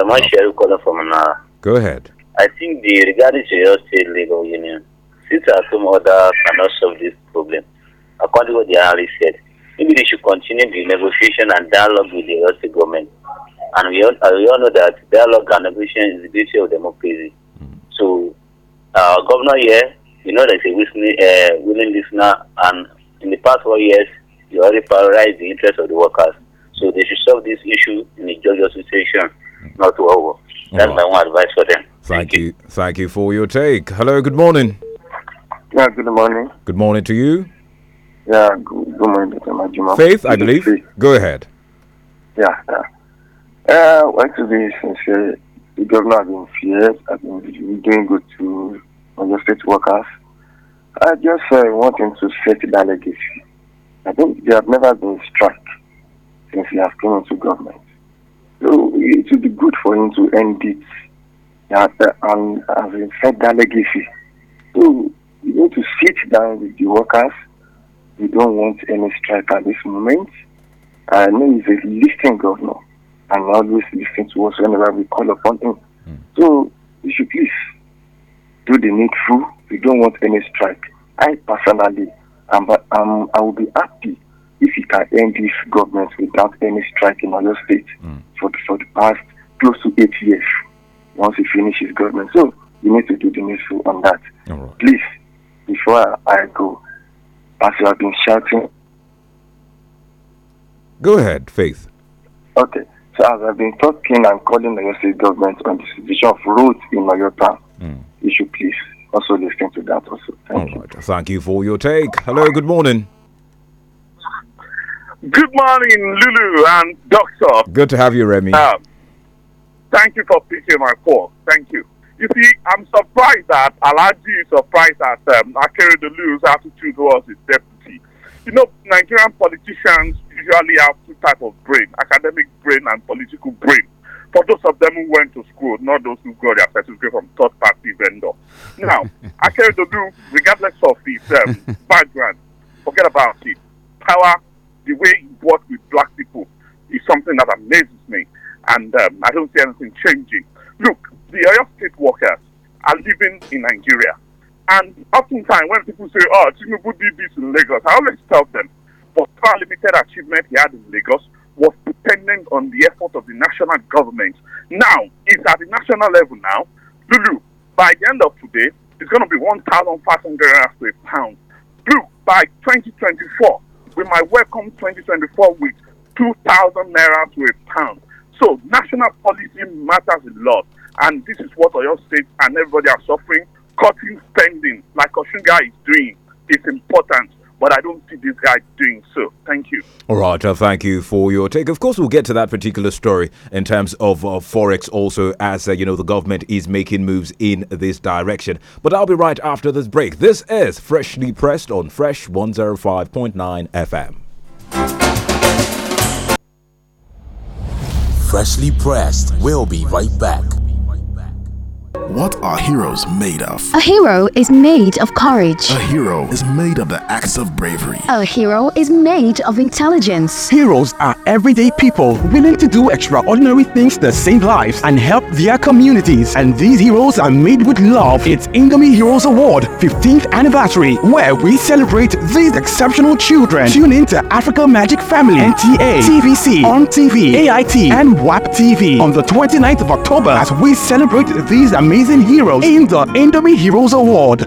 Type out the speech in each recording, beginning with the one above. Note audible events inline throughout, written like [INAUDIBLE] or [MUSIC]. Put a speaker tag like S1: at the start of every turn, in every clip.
S1: Oh. share from Go ahead. I think the regarding to your state legal union, since some other cannot solve this problem, according to what the analyst said, maybe they should continue the negotiation and dialogue with the Russia government. And we all, we all know that dialogue and negotiation is the beauty of democracy. Mm. So, uh, governor here, you know there's a uh, willing listener, and in the past four years, you already prioritized the interests of the workers. So they should solve this issue in a just situation not too over. That's my one advice for them.
S2: Thank, Thank you. you. Thank you for your take. Hello, good morning.
S1: Yeah, good morning.
S2: Good morning to you.
S1: Yeah, good, good morning, Mr. Majima. Faith, I believe. Faith. Go ahead. Yeah, yeah. Uh, want to be sincere, the governor has been fierce, has been doing good to the state workers. I just uh, want him to set that legacy. I think they have never been struck since he has come into government. So it would be good for him to end it uh, and have set that legacy. So you need to sit down with the workers. We don't want any strike at this moment. I know he's a listening governor and always listen to us whenever we call upon him. Mm. So we should please do the needful. We don't want any strike. I personally, am, um, I will be happy if he can end this government without any strike in other states. Mm for, for the past close to eight years once he finishes government. So you need to do the needful on that. Please, before I, go, as you have been shouting.
S2: Go ahead, Faith.
S1: Okay. So as I've been talking and calling the state government on the situation of roads in Mayota, mm. you should please also listen to
S2: that also. Thank All you. Right. Thank you for your take. Hello, good morning.
S3: Good morning, Lulu and
S2: Doctor. Good to have you, Remy. Um,
S3: thank you for picking my call. Thank you. You see, I'm surprised that Alaji is surprised at um, Akeredolu's attitude towards his deputy. You know, Nigerian politicians usually have two types of brain, academic brain and political brain. For those of them who went to school, not those who got their certificate from third-party vendor. Now, [LAUGHS] Akeredolu, regardless of his um, background, forget about it. Power the way he works with black people is something that amazes me, and um, I don't see anything changing. Look, the Oyo State workers are living in Nigeria, and oftentimes when people say, "Oh, Tinubu did this in Lagos," I always tell them, "But how limited achievement he had in Lagos." Was dependent on the effort of the national government. Now, it's at the national level now. Lulu, by the end of today, it's going to be 1,500 pounds. to a pound. Blue, by 2024, we might welcome 2024 with 2,000 naira to a pound. So national policy matters a lot, and this is what Oyo State and everybody are suffering. Cutting spending, like Oshunga is doing, is important but I don't see this guy doing so. Thank you.
S2: All right, uh, thank you for your take. Of course, we'll get to that particular story in terms of uh, forex, also as uh, you know the government is making moves in this direction. But I'll be right after this break. This is freshly pressed on Fresh One Zero oh Five Point Nine FM.
S4: Freshly pressed. We'll be right back. What are heroes made of? A
S5: hero is made
S6: of courage.
S7: A hero is made of the acts of bravery.
S6: A hero is made of
S7: intelligence. Heroes are everyday people willing to do extraordinary things that save lives and help their communities. And these heroes are made with love. It's Ingami Heroes Award 15th anniversary, where we celebrate these exceptional children. Tune in to Africa Magic Family, NTA, TVC, On TV, AIT, and WAP TV on the 29th of October as we celebrate these amazing Amazing Heroes in the Indomie Heroes Award.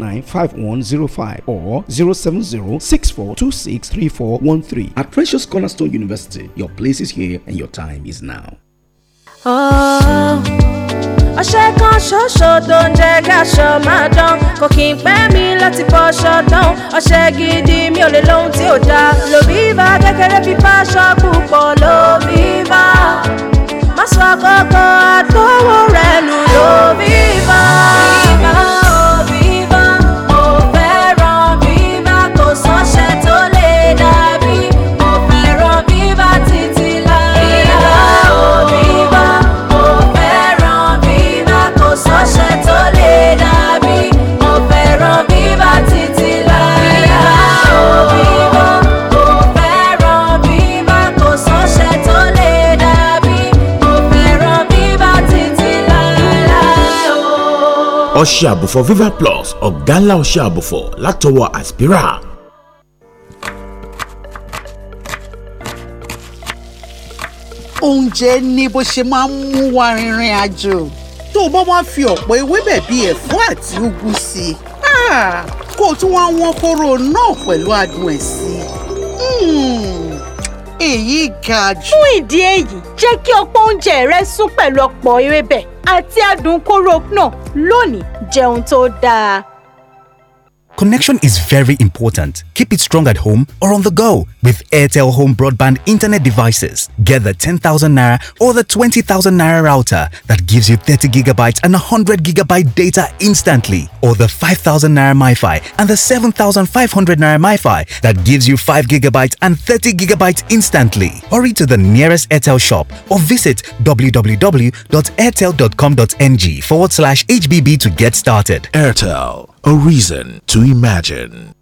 S8: 395105 or 070 At Precious Cornerstone University, your place is here and your time is now.
S9: Oh
S10: ọṣẹ kan ṣoṣo tó ń jẹ́ káṣọ máa dán kò kí n pẹ́ mi láti fọṣọ dán ọṣẹ gidi mi ò lè lóhun tí ò dáa lòbíbá kékeré fi fáṣọ púpọ̀ lòbíbá má sọ àkókò àtọwọ́ rẹ̀ nù lòbíbá.
S11: ọṣẹ àbùfọ̀ viva plus ọ̀gá ńlá ọṣẹ àbùfọ̀ látọwọ́ aspira.
S12: oúnjẹ ni bó ṣe máa ń mú wa rìnrìn àjò tó o bá wá fi ọ̀pọ̀ ewébẹ̀ bíi ẹ̀fọ́ àti ugu sí i ah, kó o tún wá wọ́n kóró náà pẹ̀lú adùn ẹ̀ sí i hmm,
S13: èyí ga jù. fún ìdí èyí jẹ́ kí ọ̀pọ̀ oúnjẹ rẹ sún pẹ̀lú ọ̀pọ̀ ewébẹ̀ àti adùn kóró náà lónìí jẹun tó dáa
S5: Connection is very important. Keep it strong at home or on the go with Airtel Home Broadband Internet devices. Get the 10,000 Naira or the 20,000 Naira router that gives you 30 gigabytes and 100 gigabyte data instantly, or the 5,000 Naira MiFi and the 7,500 Naira MiFi that gives you 5 gigabytes and 30 gigabytes instantly. Hurry to the nearest Airtel shop or visit www.airtel.com.ng forward slash HBB to get started. Airtel a reason to imagine.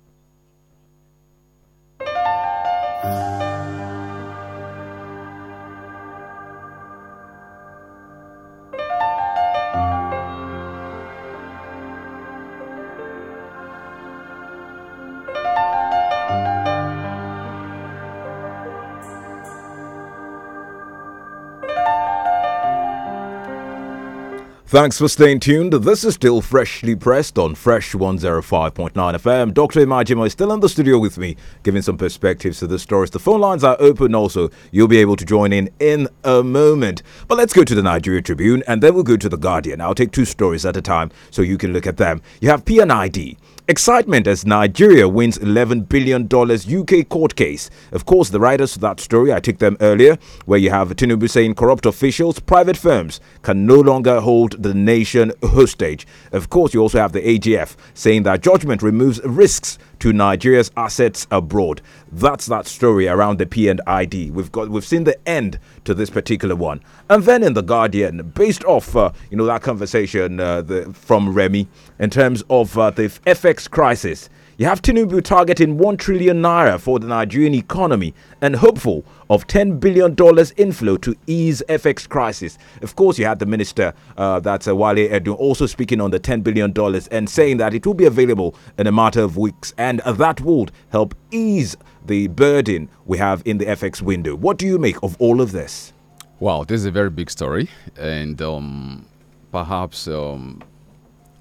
S2: Thanks for staying tuned. This is still freshly pressed on Fresh 105.9 FM. Dr. Imajimo is still in the studio with me, giving some perspectives to the stories. The phone lines are open also. You'll be able to join in in a moment. But let's go to the Nigeria Tribune and then we'll go to The Guardian. I'll take two stories at a time so you can look at them. You have PNID. Excitement as Nigeria wins $11 billion UK court case. Of course, the writers of that story, I took them earlier, where you have Tinubu saying corrupt officials, private firms can no longer hold the nation hostage. Of course, you also have the AGF saying that judgment removes risks to Nigeria's assets abroad. That's that story around the P&ID. We've got we've seen the end to this particular one. And then in the Guardian, based off uh, you know that conversation uh, the, from Remy in terms of uh, the FX crisis you have Tinubu targeting 1 trillion naira for the Nigerian economy and hopeful of $10 billion inflow to ease FX crisis. Of course, you had the minister, uh, that's uh, Wale Edun, also speaking on the $10 billion and saying that it will be available in a matter of weeks and that would help ease the burden we have in the
S14: FX window. What do you make of all of this? Wow, this is a very big story and um, perhaps um,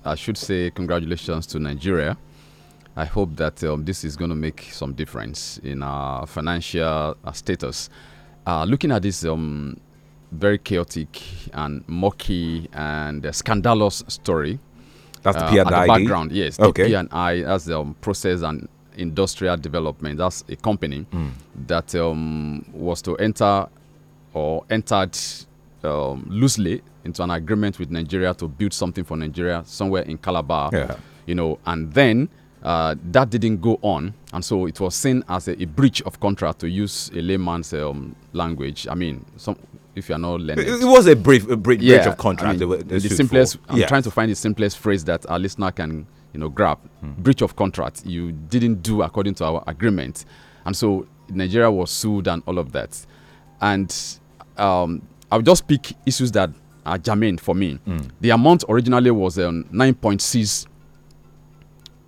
S14: I should say congratulations to Nigeria I hope that um, this is going to make some difference in our financial uh, status. Uh, looking at this um, very chaotic and murky and uh, scandalous story. That's the uh, background, yes. Okay. P&I, as the um, process and industrial development. That's a company mm. that um, was to enter or entered um, loosely into an agreement with Nigeria to build something for Nigeria somewhere in Calabar. Yeah. You know, and then uh, that didn't go on, and so it was seen as a, a breach of contract to use a layman's um, language. I mean, some, if you are not learning, it, it was a brief a breach, yeah, of contract. I mean, the, the simplest. For. I'm trying to find the simplest phrase that our listener can, you know, grab. Hmm. Breach of contract. You didn't do according to our agreement, and so Nigeria was sued and all of that. And um, I'll just pick issues that are germane for me. Hmm. The amount originally was um, 9.6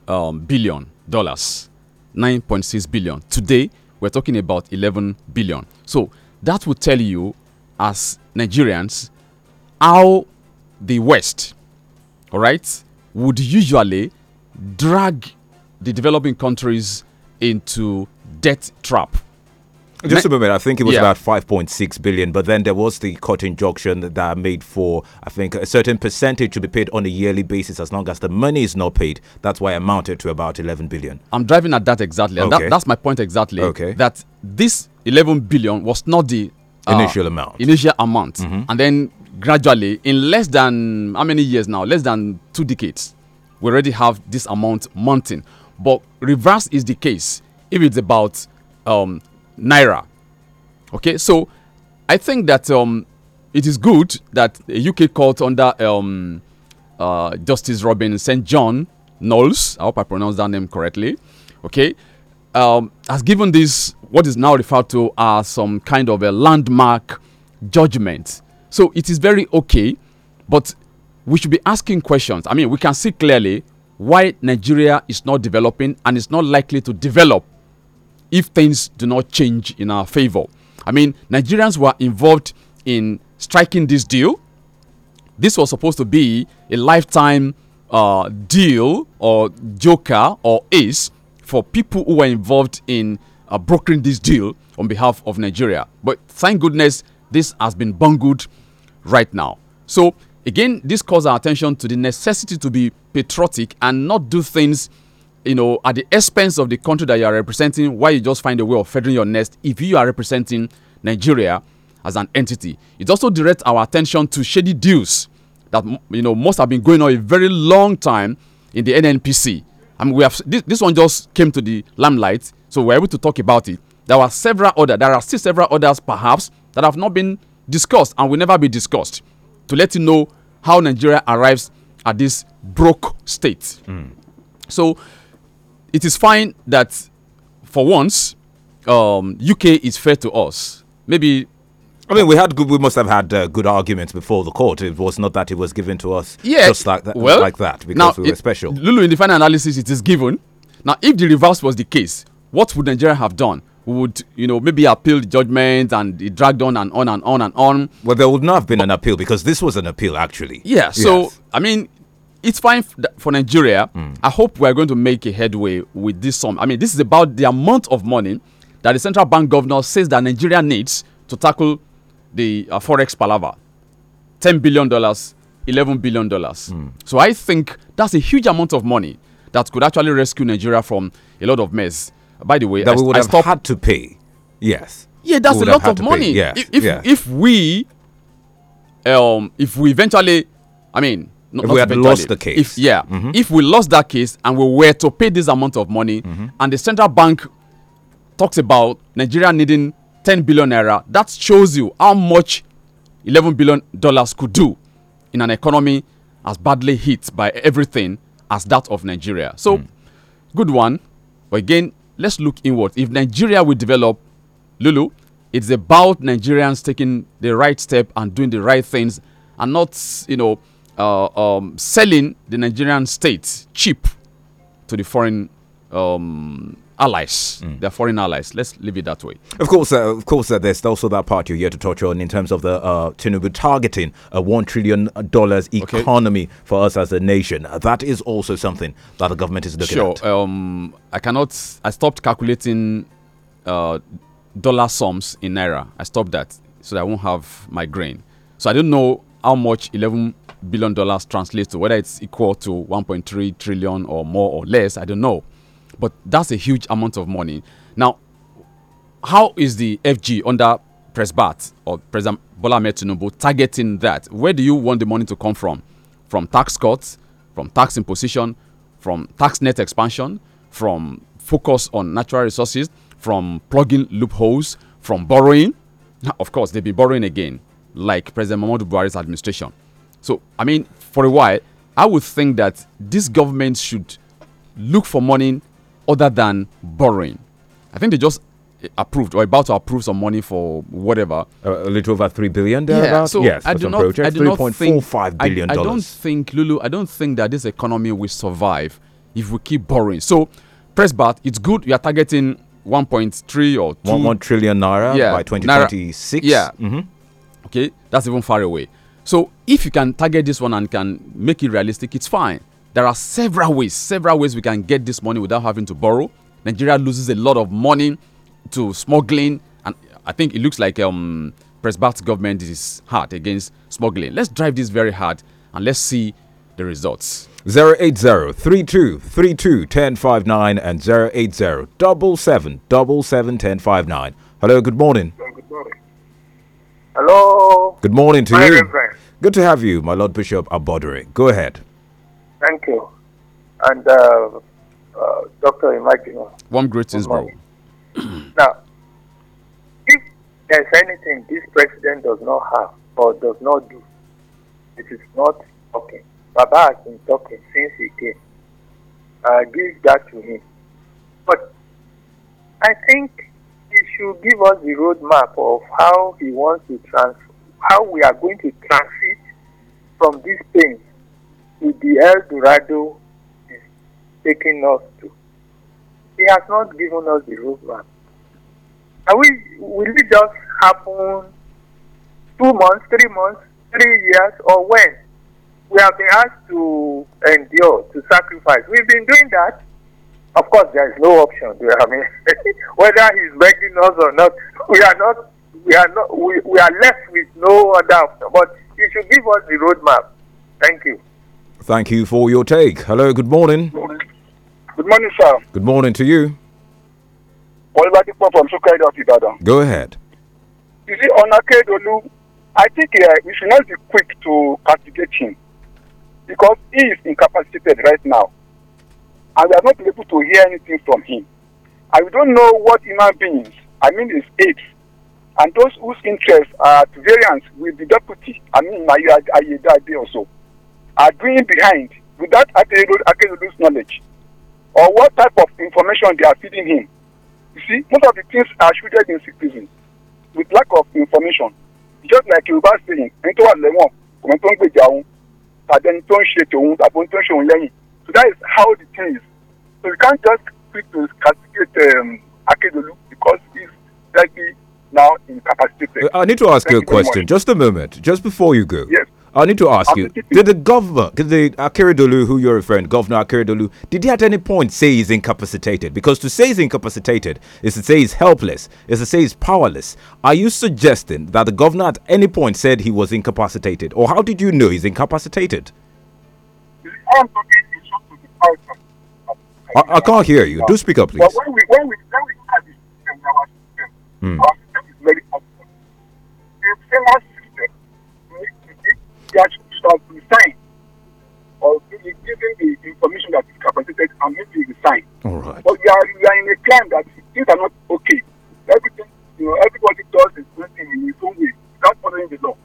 S14: um, billion dollars, 9.6 billion. Today, we're talking about 11 billion. So that will tell you, as Nigerians, how the West, all right, would usually drag the developing countries into debt trap. Just a moment. I think it was yeah. about
S2: 5.6 billion, but then there was the court injunction that, made for, I think, a certain percentage to be paid on a yearly basis as long as the money is not paid. That's why it amounted
S14: to about 11 billion. I'm driving at that exactly. Okay. That, that's my point exactly. Okay. That this 11 billion was not the uh, initial amount. Initial amount. Mm -hmm. And then gradually, in less than how many years now? Less than two decades, we already have this amount mounting. But reverse is the case. If it's about um, naira. Okay, so I think that um, it is good that a UK court under um, uh, Justice Robin St. John Knowles, I hope I pronounced that name correctly, okay, um, has given this what is now referred to as some kind of a landmark judgment. So it is very okay, but we should be asking questions. I mean, we can see clearly why Nigeria is not developing and is not likely to develop if things do not change in our favor. I mean, Nigerians were involved in striking this deal. This was supposed to be a lifetime uh, deal or joker or ace for people who were involved in uh, brokering this deal on behalf of Nigeria. But thank goodness this has been bungled right now. So, again, this calls our attention to the necessity to be patriotic and not do things you know, at the expense of the country that you are representing, why you just find a way of feathering your nest if you are representing Nigeria as an entity. It also directs our attention to shady deals that you know must have been going on a very long time in the NNPC. I mean, we have this, this one just came to the limelight, so we're able to talk about it. There were several other, there are still several others perhaps that have not been discussed and will never be discussed. To let you know how Nigeria arrives at this broke state. Mm. So it is fine that for once um, uk is fair to us maybe I mean, we had good, we must have had uh, good arguments before the court. It was
S2: not that it was given to us yeah, just like that, well, like that because now, we were it, special.
S14: Lulu, in the final analysis, it is given. Now, if the reverse was the case, what would Nigeria have done? We would, you know, maybe appeal the judgment and it dragged on and on and on and on. Well, there would not have been but, an appeal because this was an appeal, actually. Yeah. So, yes. I mean, it's fine for Nigeria. Mm. I hope we're going to make a headway with this sum. I mean, this is about the amount of money that the central bank governor says that Nigeria needs to tackle the uh, forex palaver. $10 billion, $11 billion. Mm. So I think that's a huge amount of money that could actually rescue Nigeria from a lot of mess. By the way, that I, we would I have stopped. had to pay. Yes. Yeah, that's a lot of money. Yeah. If, if, if we, um, if we eventually, I mean, not, if we had lost the case. If, yeah. Mm -hmm. If we lost that case and we were to pay this amount of money mm -hmm. and the central bank talks about Nigeria needing 10 billion naira, that shows you how much 11 billion dollars could do in an economy as badly hit by everything as that of Nigeria. So, mm. good one. But again, let's look inward. If Nigeria will develop, Lulu, it's about Nigerians taking the right step and doing the right things and not, you know, uh, um, selling the Nigerian state cheap to the foreign um, allies, mm. their foreign allies. Let's leave it that way.
S2: Of course, uh, of course, uh, there's also that part you're here to touch on in terms of the uh, Tinubu targeting a one trillion dollars economy okay. for us as a nation. Uh, that is also something that the government is looking sure, at.
S14: Sure, um, I cannot. I stopped calculating uh, dollar sums in naira. I stopped that so that I won't have my grain. So I don't know how much eleven billion dollars translates to, whether it's equal to 1.3 trillion or more or less, I don't know. But that's a huge amount of money. Now, how is the FG under Presbat or President Bola Tinubu targeting that? Where do you want the money to come from? From tax cuts, from tax imposition, from tax net expansion, from focus on natural resources, from plugging loopholes, from borrowing. Now, [LAUGHS] of course, they've been borrowing again, like President Muhammadu Buhari's administration. So, I mean, for a while, I would think that this government should look for money other than borrowing. I think they just eh, approved or about to approve some money for whatever. a little over three billion there. Yeah. So yes, I do not. Projects, I do not think. I, I don't think Lulu. I don't think that this economy will survive if we keep borrowing. So, press but It's good. You are targeting 1.3 or 2 1, 1 trillion naira yeah, by 2026. Naira, yeah. Mm -hmm. Okay, that's even far away. So if you can target this one and can make it realistic, it's fine. There are several ways, several ways we can get this money without having to borrow. Nigeria loses a lot of money to smuggling, and I think it looks like um, government is hard against smuggling. Let's drive this very hard and let's see the results. 080-3232-1059
S2: and 80 double seven ten five nine. Hello, good morning.
S9: Hello, good morning. Hello.
S1: Good morning to my you. Reverend.
S2: Good to have you, my Lord Bishop Abodere. Go ahead.
S1: Thank you. And uh, uh, Dr. Imagino.
S14: Warm greetings, bro. [CLEARS THROAT]
S1: now, if there's anything this president does not have or does not do, it
S15: is not talking. Baba has been talking since he came. I give that to him. But I think should give us the roadmap of how he wants to trans how we are going to transit from this pain to the El Dorado is taking us to. He has not given us the roadmap. we will it just happen two months, three months, three years, or when? We have been asked to endure, to sacrifice. We've been doing that of course, there is no option. There. I mean, [LAUGHS] whether he's begging us or not, we are not, we are not, we, we are left with no other option. But he should give us the roadmap. Thank you.
S2: Thank you for your take. Hello, good morning. Good
S15: morning, good morning sir.
S2: Good morning to you.
S15: from of Go ahead. You see, on Akedolu, I think uh, we should not be quick to castigate him because he is incapacitated right now and we are not able to hear anything from him. And we don't know what human beings, I mean, is apes, and those whose interests are at variance with the deputy, I mean, my Ayedade also, are doing behind without Akerudu's knowledge or what type of information they are feeding him. You see, most of the things are shielded in secrecy with lack of information. Just like Yorùbá saying, tó wà lẹ́wọ̀n kò so that is how the thing is. So you can't just quick to castigate um, Akedolu because he's likely
S2: now incapacitated. Uh, I need to ask you a question. Just a moment. Just before you go. Yes. I need to ask you, did the governor, did the who you're referring, Governor Akeredolu, did he at any point say he's incapacitated? Because to say he's incapacitated is to say he's helpless, is to say he's powerless. Are you suggesting that the governor at any point said he was incapacitated? Or how did you know he's incapacitated?
S15: I'm talking
S2: out from. I, I, can't hear you. Do speak up, please. But
S15: when we, when we, when we have this system,
S2: our system, mm. our system
S15: is very complex. The famous system needs to be should be signed or giving the information that is capacitated and maybe the All right. But we are, we are in a time that things are not okay. Everything, you know, everybody does his own thing in his own way without following the law.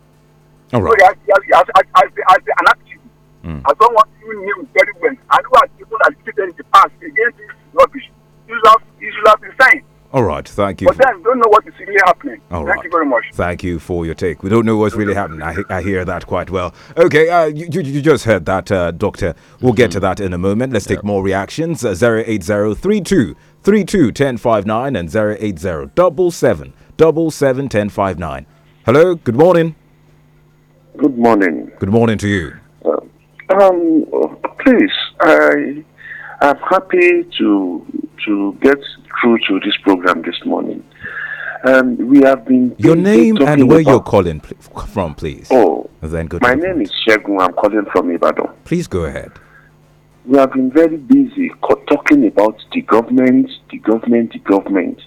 S15: All right. So as, as, as, as, as an activist, mm. not want even knew very well and who has even agitated in the past against this rubbish, you should have, you should have been signed.
S2: All right, thank you. But
S15: then, don't know what is really happening.
S2: All thank right. you very much. Thank you for your take. We don't know what's really happening. I, I hear that quite well. Okay, uh, you, you, just heard that, uh, Doctor. We'll get to that in a moment. Let's take more reactions. Uh, 08032 32 1059 and 08077 1059. Hello, good morning. Good morning. Good morning to you. Um,
S1: um, please, I am happy to to get through to this program this morning. Um, we have been. Your name and where you're
S2: calling pl from, please. Oh, then good. My name
S1: is Shegun. I'm calling from
S2: Ibadan. Please go ahead.
S1: We have been very busy talking about the government, the government, the government,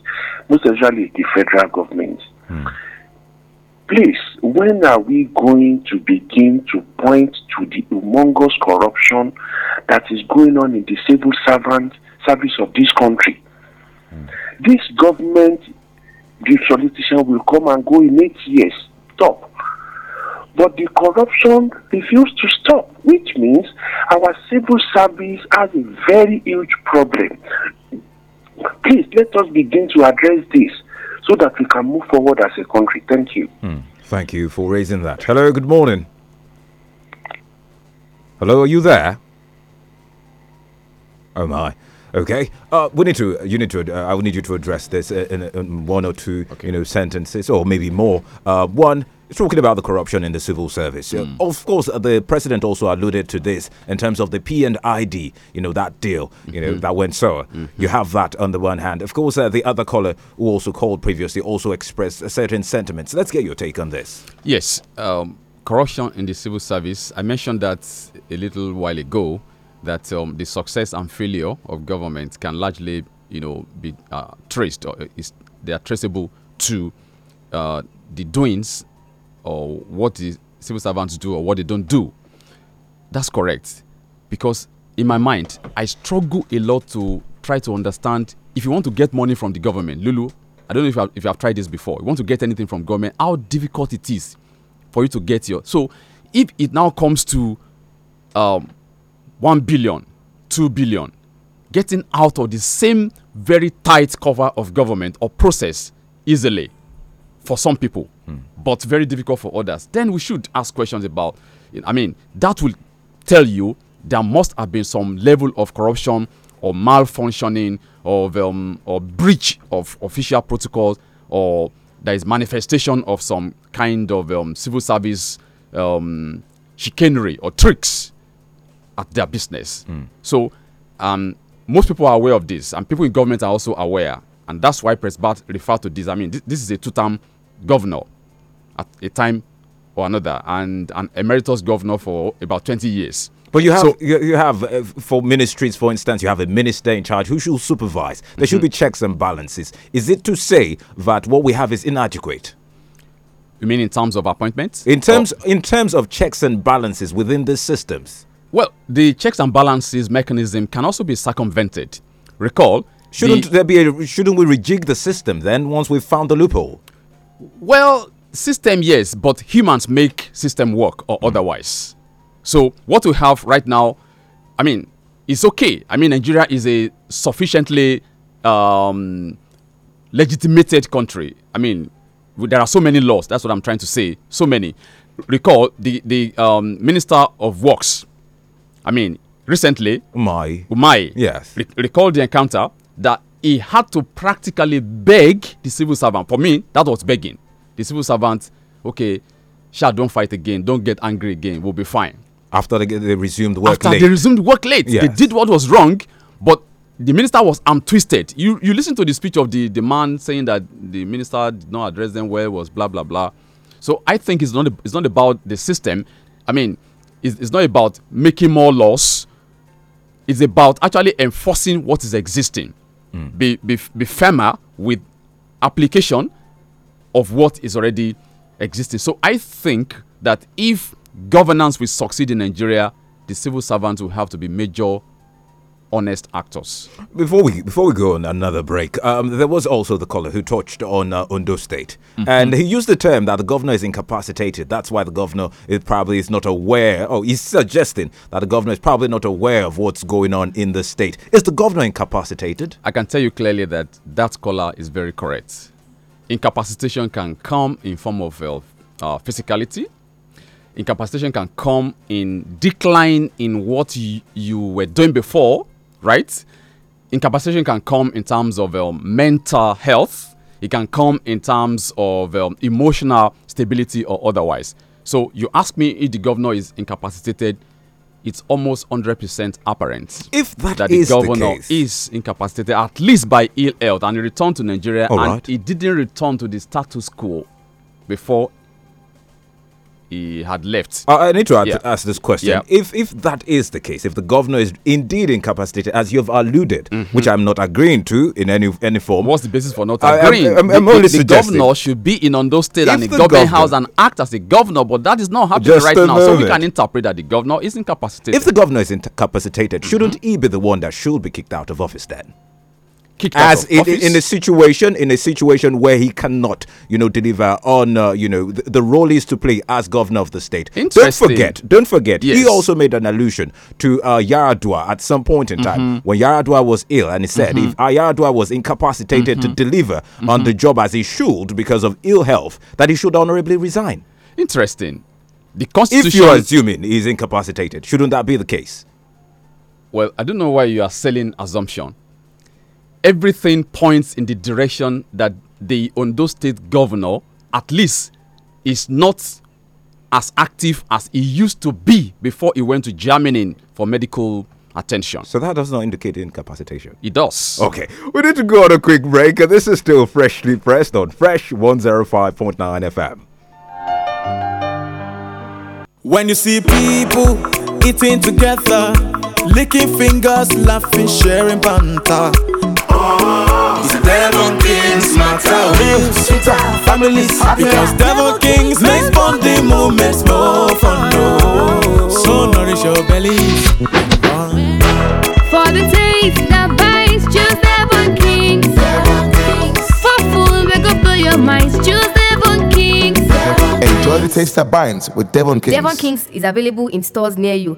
S1: most especially the federal government. Hmm please, when are we going to begin to point to the humongous corruption that is going on in the civil servant service of this country? Hmm. This government, the politician will come and go in eight years, top. But the corruption refused to stop, which means our civil service has a very huge problem. Please let us begin to address this so that we can move forward as a country. Thank you.
S2: Mm. Thank you for raising that. Hello, good morning. Hello, are you there? Oh my. Okay, uh, we need to. Uh, you need to. Uh, I will need you to address this uh, in, in one or two, okay. you know, sentences or maybe more. Uh, one. Talking about the corruption in the civil service, mm. of course, the president also alluded to this in terms of the P and ID. You know that deal, you mm -hmm. know mm-hmm. that went sour. Mm -hmm. You mm-hmm. have that on the one hand. Of course, the other caller who also called previously also expressed
S14: certain sentiments. Let's get your take on this. Yes, um, corruption in the civil service. I mentioned that a little while ago that um, the success and failure of government can largely, you know, be uh, traced or is they are traceable to uh, the doings or what the civil servants do or what they don't do. That's correct, because in my mind, I struggle a lot to try to understand if you want to get money from the government, Lulu. I don't know if I've, if have tried this before. You want to get anything from government, how difficult it is for you to get your. So, if it now comes to um, 1 billion, 2 billion, getting out of the same very tight cover of government or process easily for some people, mm. but very difficult for others, then we should ask questions about. I mean, that will tell you there must have been some level of corruption or malfunctioning of um, or breach of official protocols or there is manifestation of some kind of um, civil service um, chicanery or tricks at their business. Mm. So um, most people are aware of this, and people in government are also aware. And that's why Press Bart referred to this. I mean, this, this is a two term governor at a time or another, and an emeritus governor for about 20 years. But you have so, you, you, have uh, for ministries, for instance, you have a minister in charge
S2: who should supervise. There mm -hmm. should mm-hmm. be checks and balances. Is it to say that what we have is inadequate?
S14: You mean in terms of appointments? In terms or? in terms of checks and balances within the systems. Well, the checks and balances mechanism can also be circumvented. Recall, shouldn't the, there be a, shouldn't we rejig the system then once we've found the loophole? Well, system yes, but humans make system work or mm. otherwise. So what we have right now, I mean, it's okay. I mean, Nigeria is a sufficiently um, legitimated country. I mean, there are so many laws. That's what I'm trying to say. So many. Recall the the um, minister of works I mean, recently, Umai, Umai yes. Re recalled the encounter that he had to practically beg the civil servant. For me, that was begging. The civil servant, okay, Sha, don't fight again. Don't get angry again. We'll be fine. After they, they resumed work After late. they resumed work late. Yes. They did what was wrong, but the minister was arm twisted. You you listen to the speech of the, the man saying that the minister did not address them well, was blah, blah, blah. So I think it's not, it's not about the system. I mean, it's, it's not about making more laws it's about actually enforcing what is existing mm. be, be be firmer with application of what is already existing so i think that if governance will succeed in nigeria the civil servants will have to be major honest actors.
S2: Before we before we go on another break, um, there was also the caller who touched on uh, Undo State, mm -hmm. and he used the term that the governor is incapacitated. That's why the governor is probably is not aware. Oh, he's suggesting that the governor is probably not aware of what's going on in the state. Is the governor
S14: incapacitated? I can tell you clearly that that caller is very correct. Incapacitation can come in form of uh, uh, physicality. Incapacitation can come in decline in what you were doing before right? Incapacitation can come in terms of um, mental health, it can come in terms of um, emotional stability or otherwise. So you ask me if the governor is incapacitated, it's almost 100% apparent if that, that the governor the is incapacitated at least by ill health and he returned to Nigeria and right. he didn't return to the status quo before he had left. Uh, I need to yeah. ask this
S2: question. Yeah. If if that is the case, if the governor is indeed incapacitated, as you've alluded, mm -hmm. which
S14: I'm not agreeing to in any any form. What's the basis for not agreeing? I, am the, only the, the governor should be in Ondo State if and the, the government governor, house and act as the governor, but that is not happening Just right now. So we can interpret that the governor is incapacitated.
S2: If the governor is incapacitated, mm -hmm. shouldn't mm-hmm. he be the one that should be kicked out of office then?
S14: kicked as in, in, a
S2: situation in a situation where he cannot you know deliver on uh, you know the, the, role is to play as governor of the state don't forget don't forget yes. he also made an allusion to uh, Yaradua at some point in time mm -hmm. when Yaradua was ill and he said mm -hmm. if uh, Yaradua was incapacitated mm -hmm. to mm-hmm. deliver on mm-hmm. the job as he should because of ill
S14: health that he should honorably resign interesting the constitution if you're assuming he's incapacitated shouldn't that be the case well i don't know why you are selling assumption everything points in the direction that the Ondo State governor, at least, is not as active as he used to be before he went to Germany for medical attention. So that does not indicate incapacitation. It does. Okay.
S2: We need to go on a quick break. This is still freshly pressed on Fresh 105.9 FM. When you see people
S12: eating together, licking fingers, laughing, sharing banter these devil kings matter way sweeter families Because devil kings make bonding moments more fun no. So nourish your belly
S9: For the taste that binds.
S10: Choose devil kings For full wake up blow your minds Choose
S13: devil kings
S11: Enjoy the taste that binds with devil Kings. Devon
S13: Kings is available in stores near you.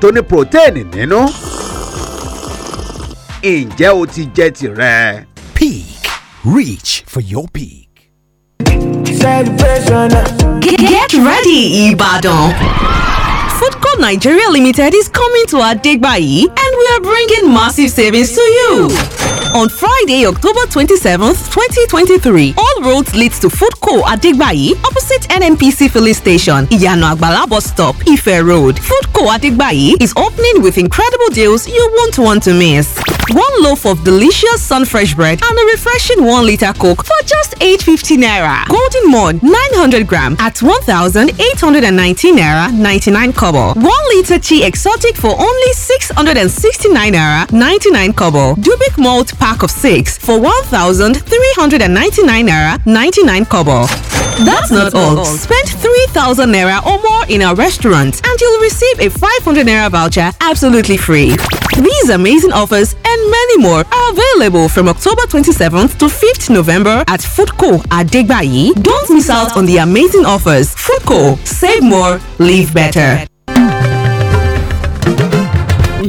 S16: tó ní protein nínú. ǹjẹ́ o ti jẹ tirẹ̀? Peak. Reach for your peak.
S6: Get ready, Ibadan. Foodco Nigeria Limited is coming to Adegbayi we are bringing massive savings to you. On Friday, October 27th, 2023, all roads leads to Food Co. at Digbayi, opposite NNPC filling station, Iyano Agbala bus stop, Ife Road. Food Co. at Digbayi is opening with incredible deals you won't want to miss. One loaf of delicious Sunfresh bread and a refreshing 1 liter Coke for just 850 naira. Golden Mud 900 gram at 1819 naira 99 kobo. 1 liter tea exotic for only 660 69 naira 99 kobo. Dubik malt pack of 6 for 1399 naira 99 kobo.
S9: That's, That's not, not all. all. Spend
S6: 3000 naira or more in our restaurant and you'll receive a 500 naira voucher absolutely free. These amazing offers and many more are available from October 27th to 5th November at Foodco at Degbayi. Don't miss out on the amazing offers. Foodco, save more, live
S12: better. [LAUGHS]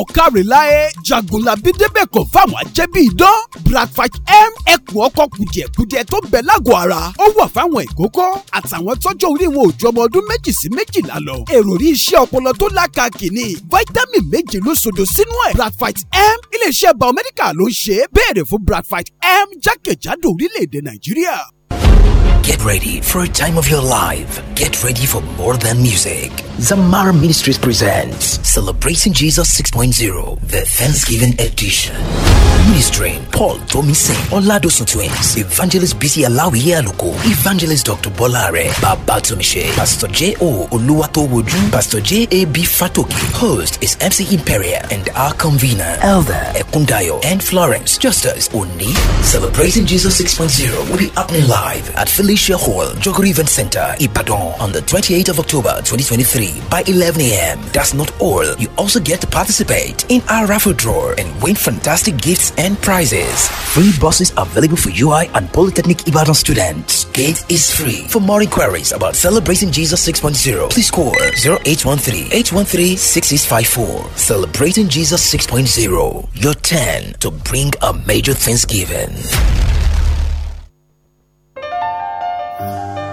S12: ọ̀kàrẹ̀ láyé jagunlabi débẹ̀ kọ̀ fáwọn ajẹ́bí idán blackfight m ẹ̀kú ọkọ̀ kùdìẹ̀kudiẹ tó bẹ̀ lágọ̀ ara ó wà fáwọn ìkókó àtàwọn tọ́jọ́ orí wọn ò ju ọmọ
S7: ọdún méjì sí méjìlá lọ èrò rí iṣẹ́ ọpọlọ tó lákàkì ni vitamin méje ló sodo sínú ẹ̀ blackfight m iléeṣẹ́ biomedical ló ń ṣe é béèrè fún blackfight m jákèjádò
S17: orílẹ̀-èdè nàìjíríà. Get ready for a time of your life. Get ready for more than music. Zamara Ministries presents Celebrating Jesus 6.0, the Thanksgiving Edition. Ministering Paul Tomise, Oladosun Twins, Evangelist BC Alawi Aluko, Evangelist Dr. Bolare, Baba Tomise, Pastor J.O. Oluwatowoju, Pastor J.A.B. Fatoki. Host is MC Imperia and our convener, Elder Ekundayo and Florence Justice Oni. Celebrating Jesus 6.0 will be happening live at Philip Felicia Hall, Jogori Event Center, Ibadan on the 28th of October 2023 by 11 a.m. That's not all. You also get to participate in our raffle draw and win fantastic gifts and prizes. Free buses available for UI and Polytechnic Ibadan students. Gate is free. For more inquiries about celebrating Jesus 6.0, please call 0813 813 6654. Celebrating Jesus 6.0. Your turn to bring a major Thanksgiving. Thank you.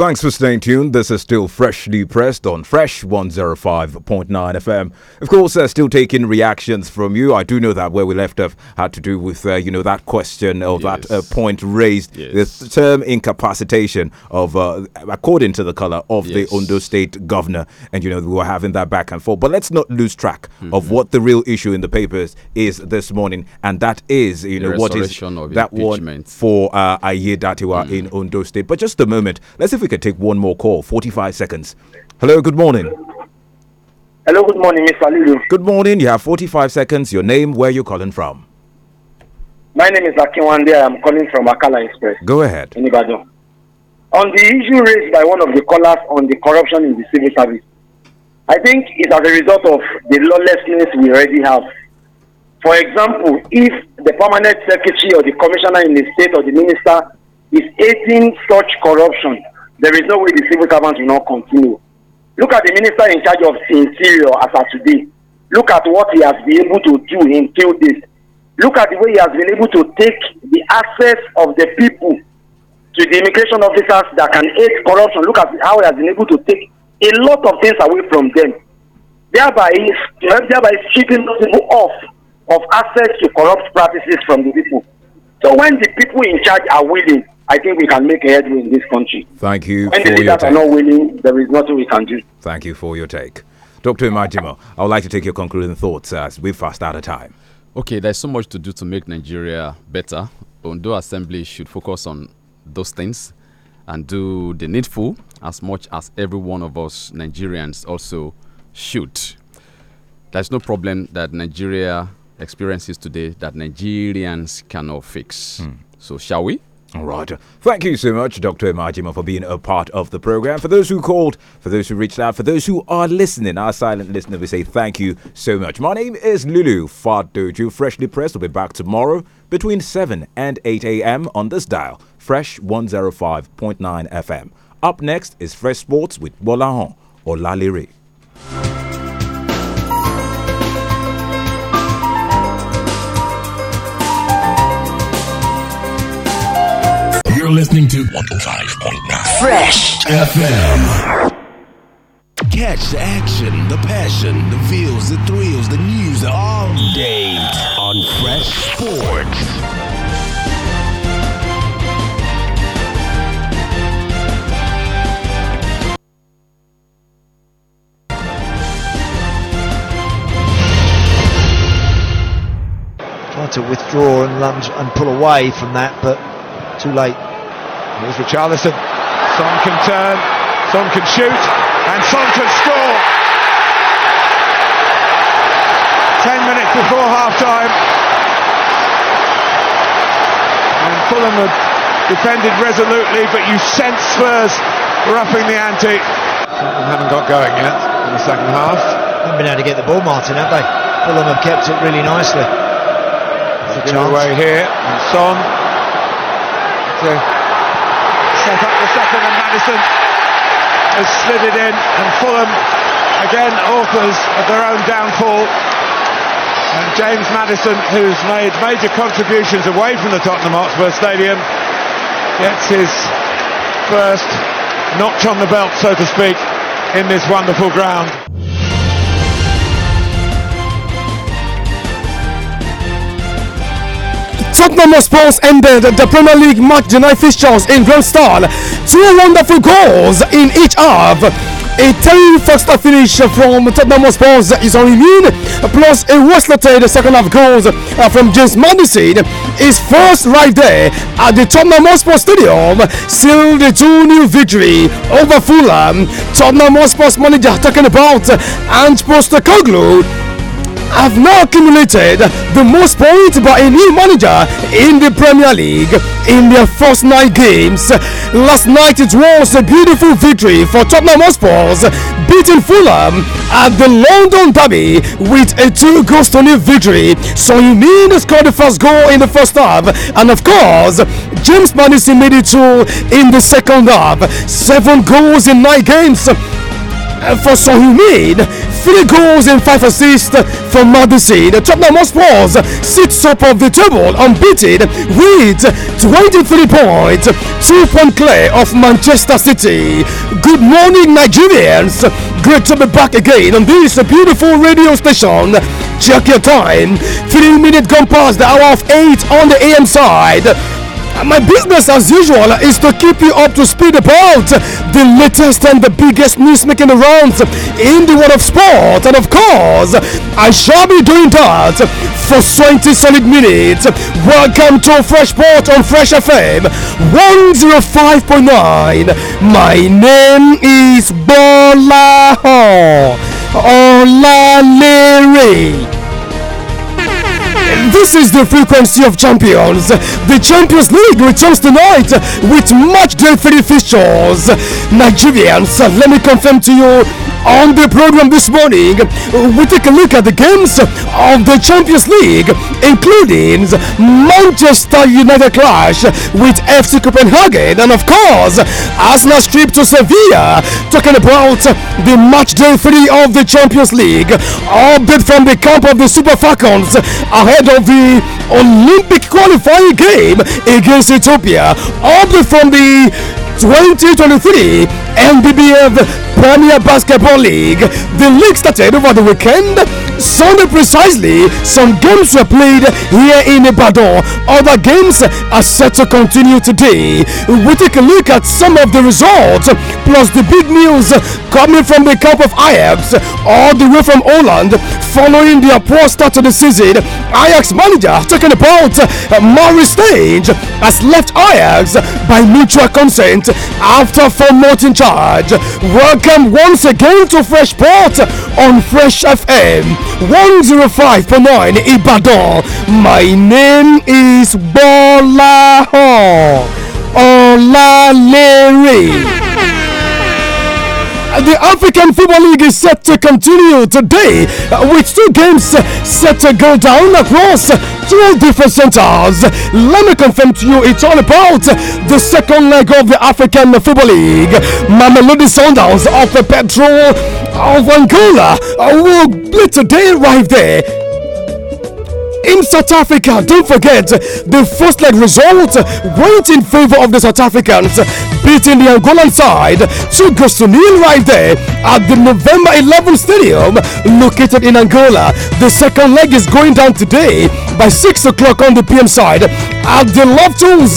S2: Thanks for staying tuned. This is still freshly pressed on Fresh 105.9 FM. Of course, uh, still taking reactions from you. I do know that where we left off had to do with, uh, you know, that question or yes. that uh, point raised, yes. the term incapacitation of, uh, according to the color of yes. the Ondo State governor. And, you know, we were having that back and forth. But let's not lose track mm -hmm. of mm-hmm. what the real issue in the papers is this morning. And that is, you the know, what is that one for uh, Aye Datiwa mm -hmm. in Ondo State. But just a moment, let's if we could take one more call. 45 seconds. Hello, good morning. Hello, good morning, Mr. Lulu. Good morning. You have 45 seconds. Your name, where you calling from?
S15: My name is Akinwande. I'm calling from Akala Express. Go ahead. Anybody? On the issue raised by one of the callers on the corruption in the civil service, I think it's as a result of the lawlessness we already have. For example, if the permanent secretary or the commissioner in the state or the minister is aiding such corruption, there is no way the civil servants will not continue. Look at the minister in charge of interior as of today. Look at what he has been able to do until this. Look at the way he has been able to take the access of the people to the immigration officers that can aid corruption. Look at how he has been able to take a lot of things away from them, thereby thereby stripping those people off of access to corrupt practices from the people. So when the people in charge are willing, I think we can make headway in this country.
S2: Thank you when for the your take. are not willing, there is nothing we can do. Thank you for your take. Dr. Imajimo, I
S14: would like to take your concluding thoughts as we fast out of time. Okay, there's so much to do to make Nigeria better. Ondo Assembly should focus on those things and do the needful as much as every one of us Nigerians also should. There's no problem that Nigeria experiences today that Nigerians cannot fix. Mm. So, shall we? All right. Thank you so much, Dr. Imajima, for being a part
S2: of the program. For those who called, for those who reached out, for those who are listening, our silent listener, we say thank you so much. My name is Lulu Fadoju. Freshly Pressed will be back tomorrow between 7 and 8 a.m. on this dial, Fresh 105.9 FM. Up next is Fresh Sports with Bolahon or Lalire.
S4: are listening to 105.9
S10: Fresh
S4: FM. Catch the action, the passion, the feels, the thrills, the news all day on Fresh Sports. to withdraw and lunge
S18: and
S2: pull away from that, but too late. Here's Richarlison. Son can turn, Son can shoot, and Son can score.
S3: Ten minutes before half time.
S2: And Fulham had defended resolutely, but you sense Spurs
S9: roughing the ante. Fulham haven't got going yet in the second half. Haven't been able to get the ball, Martin, have they? Fulham have kept it really nicely. It's a chance. away here, and Son. To set up the second and Madison has slid it in and Fulham again authors of their own
S2: downfall and James Madison who's made major contributions away from the Tottenham Hotspur Stadium gets his first notch on the belt so to speak in this wonderful ground. Tottenham
S12: Hotspurs ended the Premier League match night fixtures in grand style. Two wonderful goals in each half. A 10 faster finish from Tottenham Hotspurs is on mean, plus a wasted second half goals uh, from James Madison. His first right there at the Tottenham Hotspur Stadium sealed the 2 new victory over Fulham. Tottenham Hotspur's manager talking about Ange Postecoglou have now accumulated the most points by a new manager in the Premier League in their first nine games. Last night it was a beautiful victory for Tottenham Hotspurs, beating Fulham at the London Derby with a two goals to victory. So you mean scored the first goal in the first half, and of course, James Madison made it two in the second half. Seven goals in nine games uh, for Heung-min three goals and five assists for Madison. Tottenham Hotspurs sits top of the table unbeaten with 23 points, two point clear of Manchester City. Good morning, Nigerians. Great to be back again on this beautiful radio station. Check your time. Three minutes gone past the hour of eight on the AM side. My business, as usual, is to keep you up to speed about the latest and the biggest news making the rounds in the world of sport. And of course, I shall be doing that for 20 solid minutes. Welcome to Fresh Port on Fresh FM 105.9. My name is Bola Ho. Olalere. This is the frequency of champions. The Champions League returns tonight with much day three fixtures. Nigerians, let me confirm to you on the program this morning, we take a look at the games of the Champions League, including Manchester United clash with FC Copenhagen, and of course, Arsenal's trip to Sevilla. Talking about the match day three of the Champions League, albeit from the camp of the Super Falcons ahead of the Olympic qualifying game against Ethiopia, albeit from the 2023 NBBF Premier Basketball League. The league started over the weekend. Sunday precisely, some games were played here in Ibadan. Other games are set to continue today. We take a look at some of the results, plus the big news coming from the Cup of Ajax, all the way from Holland, following the poor start to the season. Ajax manager talking about Maurice Stage has left Ajax by mutual consent after four months in charge. Welcome Welcome once again to Fresh Port on Fresh FM 105.9 Ibadan. My name is Bola Ho Olalere. Uh, the African Football League is set to continue today uh, with two games uh, set to go down across two different centers. Let me confirm to you it's all about the second leg of the African Football League. Mamelodi Sundowns of Petrol of Angola will play today arrive there in South Africa. Don't forget, the first leg result went in favor of the South Africans, beating the Angolan side. Two goals to nil right there at the November 11 Stadium located in Angola. The second leg is going down today by 6 o'clock on the PM side at the Love Tools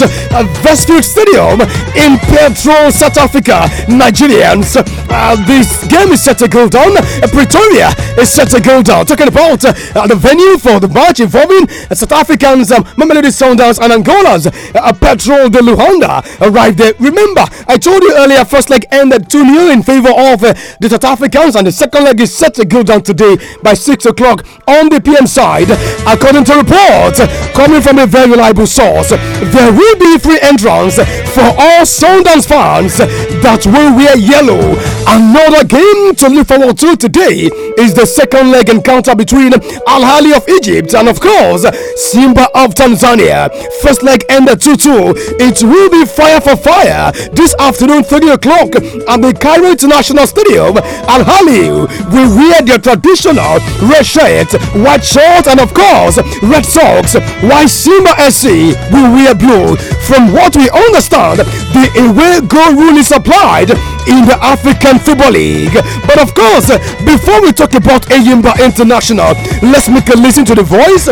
S12: Westfield Stadium in Petro, South Africa. Nigerians, uh, this game is set to go down. Pretoria is set to go down. Talking about uh, the venue for the match in involving South Africans, um, Mamelodi and Angolans uh, patrol de Luanda arrived there. Remember, I told you earlier, first leg ended 2 0 in favor of uh, the South Africans, and the second leg is set to go down today by 6 o'clock on the PM side. According to reports coming from a very reliable source, there will be free entrance for all Sounders fans that will wear yellow. Another game to look forward to today is the second leg encounter between Al Hali of Egypt and, of course, Simba of Tanzania. First leg ended 2 2. It will be fire for fire this afternoon, 30 o'clock, at the Cairo International Stadium. Al Hali will wear their traditional red shirt, white shorts, and of course, red socks, while Simba SC will wear blue. From what we understand, the away goal rule is applied in the African Football League. But of course, before we talk about Ayimba International, let's make a listen to the voice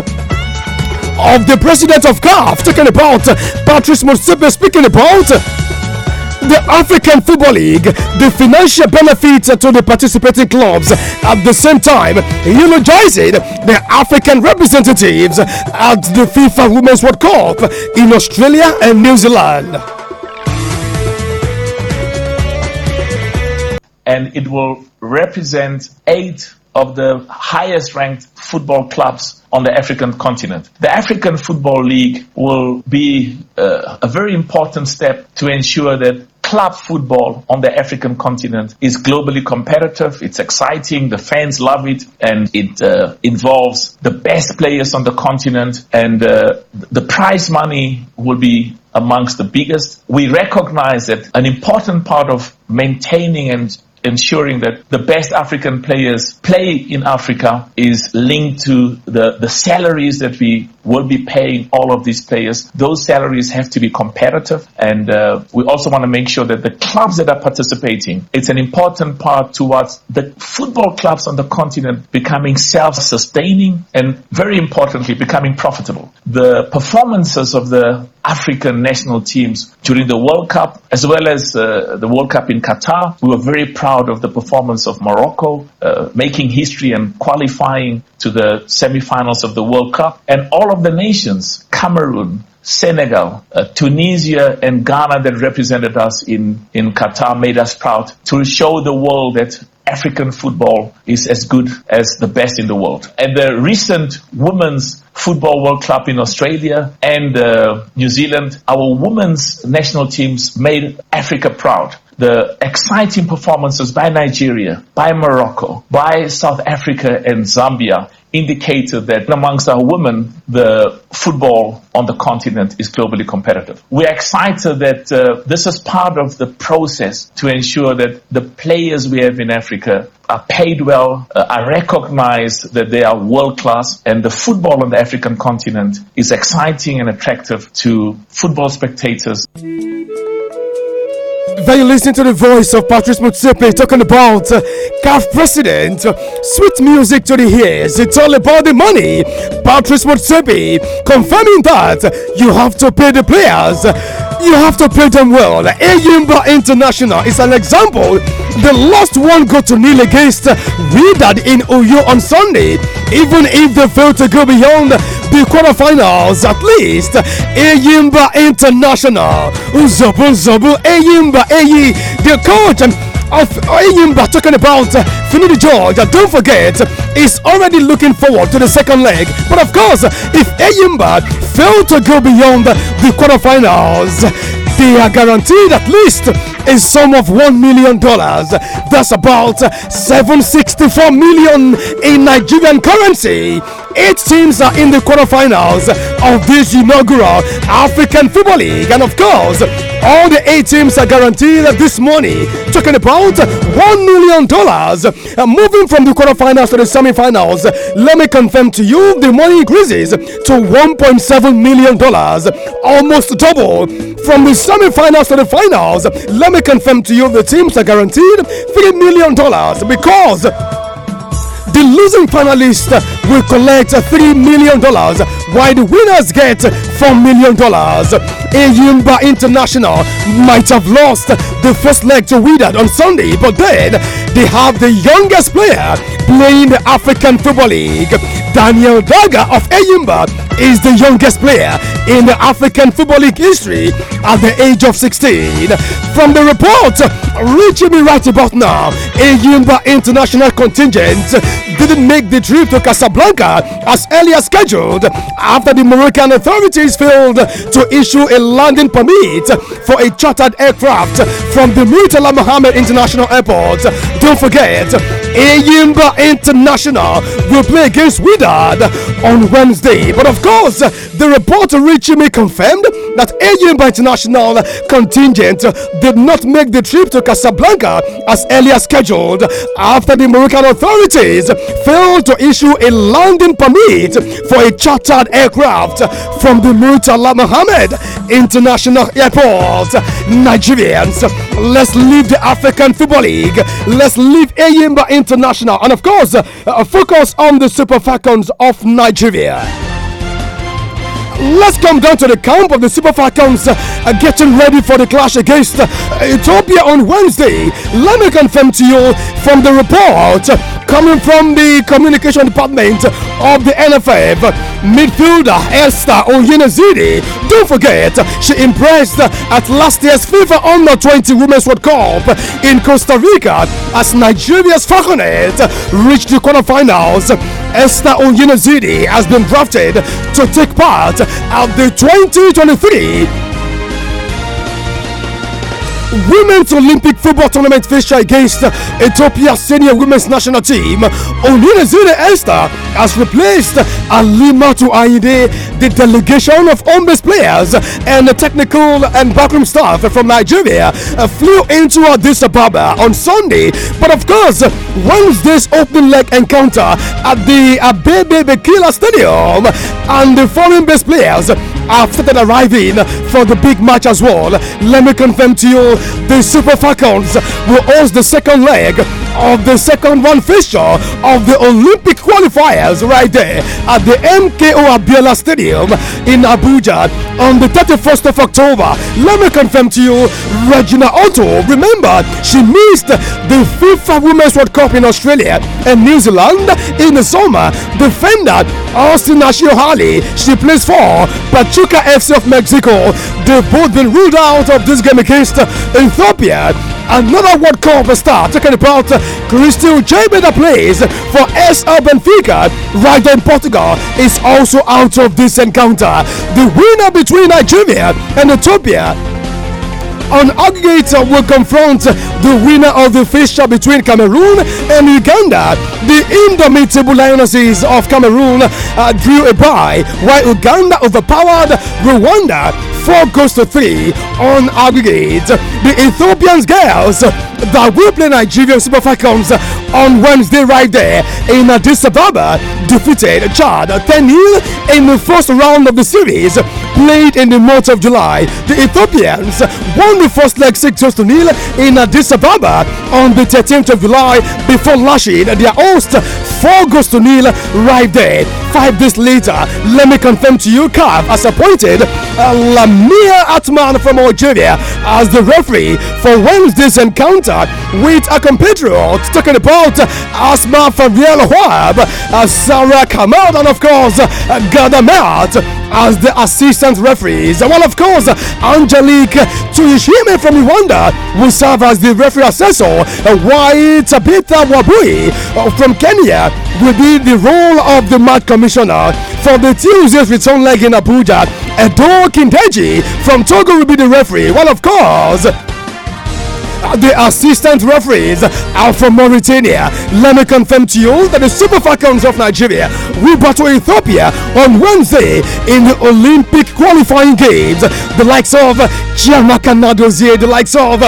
S12: of the president of CAF, talking about uh, Patrice Motsepe, speaking about uh, the African Football League, the financial benefits to the participating clubs. At the same time, eulogizing the African representatives at the FIFA Women's World Cup
S19: in Australia and New Zealand. And it will represent eight of the highest ranked football clubs on the African continent. The African Football League will be uh, a very important step to ensure that club football on the African continent is globally competitive. It's exciting. The fans love it, and it uh, involves the best players on the continent. And uh, the prize money will be amongst the biggest. We recognize that an important part of maintaining and ensuring that the best African players play in Africa is linked to the, the salaries that we will be paying all of these players. Those salaries have to be competitive. And uh, we also want to make sure that the clubs that are participating, it's an important part towards the football clubs on the continent becoming self-sustaining and very importantly, becoming profitable. The performances of the African national teams during the World Cup, as well as uh, the World Cup in Qatar. We were very proud of the performance of Morocco, uh, making history and qualifying to the semi-finals of the World Cup. And all of the nations, Cameroon, Senegal, uh, Tunisia, and Ghana that represented us in, in Qatar made us proud to show the world that African football is as good as the best in the world. and the recent Women's Football World Cup in Australia and uh, New Zealand, our women's national teams made Africa proud the exciting performances by Nigeria, by Morocco, by South Africa and Zambia indicated that amongst our women, the football on the continent is globally competitive. We're excited that uh, this is part of the process to ensure that the players we have in Africa are paid well, uh, are recognized that they are world class, and the football on the African continent is exciting and attractive to football spectators.
S12: Then you listen to the voice of Patrice Mutsepe talking about uh, CAF president. sweet music to the ears. It's all about the money. Patrice Mutsepe confirming that you have to pay the players. You have to pay them well. Ayumba International is an example. The last one got to kneel against Widad in Oyo on Sunday. Even if they fail to go beyond the quarterfinals, at least Ayumba International. Uzabu Zabu Ayimba AE, the coach um, of Ayimba talking about uh, Finidi George. Uh, don't forget, is already looking forward to the second leg. But of course, if Ayimba failed to go beyond the quarterfinals, they are guaranteed at least a sum of $1 million. That's about 764 million in Nigerian currency. Eight teams are in the quarterfinals of this inaugural African Football League. And of course, all the eight teams are guaranteed this money, talking about $1 million. And uh, moving from the quarterfinals to the semifinals, let me confirm to you the money increases to $1.7 million, almost double from the semi-finals to the finals, let me confirm to you the teams are guaranteed $3 million because the losing finalist will collect $3 million, while the winners get $4 million. Ayumba International might have lost the first leg to Wydad on Sunday, but then they have the youngest player playing the African Football League. Daniel Daga of Ayumba is the youngest player in the African Football League history at the age of 16. From the report, reaching me right about now, Ayumba International contingent didn't make the trip to Casablanca as earlier scheduled after the Moroccan authorities failed to issue a landing permit for a chartered aircraft from the Mutala Mohammed International Airport. Don't forget, Ayimba International will play against Widad on Wednesday. But of course, the reporter reaching me confirmed that Ayimba International contingent did not make the trip to Casablanca as earlier scheduled after the Moroccan authorities failed to issue a landing permit for a chartered aircraft from the Murtala Mohammed International Airport. Nigerians, let's leave the African Football League. Let's leave Ayimba International International. And of course, uh, uh, focus on the Super Falcons of Nigeria. Let's come down to the camp of the Super Falcons uh, getting ready for the clash against uh, Ethiopia on Wednesday. Let me confirm to you from the report coming from the communication department of the NFF, midfielder Esther Oyenezidi. Don't forget, she impressed at last year's FIFA Under 20 Women's World Cup in Costa Rica as Nigeria's Falconet reached the quarterfinals. Esther Oyenezidi has been drafted to take part at the 2023 Women's Olympic Football Tournament fixture against Ethiopia senior women's national team. Onunezire Esther has replaced Alimatu Ayinde, the delegation of home-based players and technical and backroom staff from Nigeria uh, flew into Addis Ababa on Sunday. But of course, Wednesday's opening leg encounter at the Abebe Bekila Stadium and the foreign-based players have started arriving for the big match as well. Let me confirm to you the Super Falcons will host the second leg of the second round fixture of the Olympic qualifiers right there at the MKO Abiola Stadium in Abuja on the 31st of October. Let me confirm to you, Regina Otto, remember, she missed the FIFA Women's World Cup in Australia and New Zealand in the summer. Defender Austin Ashiohali, she plays for Pachuca FC of Mexico. They've both been ruled out of this game against Ethiopia. Another World Cup star talking about Cristiano Jaime that plays for SL Benfica right on Portugal is also out of this encounter. The winner between Nigeria and Ethiopia on aggregate will confront the winner of the fixture between Cameroon and Uganda. The indomitable Lionesses of Cameroon uh, drew a bye, while Uganda overpowered Rwanda four goals to three on aggregate. The Ethiopians girls that will play Nigeria Super Falcons on Wednesday right there in Addis Ababa defeated Chad 10 0 in the first round of the series played in the month of July. The Ethiopians won the first leg 6 0 to nil in Addis Ababa on the 13th of July before lashing their host 4 goals to nil right there Five days later, let me confirm to you, CAF has appointed uh, Lamia Atman from Algeria as the referee for Wednesday's encounter with a compatriot talking about Asma Fabiel Huab, uh, Sarah Kamal, and of course, uh, Gadamat as the assistant referees. Well, of course, Angelique Tuyishime from Rwanda will serve as the referee assessor, uh, while Tabitha Wabui uh, from Kenya will be the role of the match commissioner from the Tuesday's return leg in Abuja. Edo Kindeji from Togo will be the referee. Well, of course, the assistant referees are from Mauritania. Let me confirm to you that the Super Falcons of Nigeria will battle Ethiopia on Wednesday in the Olympic qualifying games. The likes of Chiamaka Nadozie, the likes of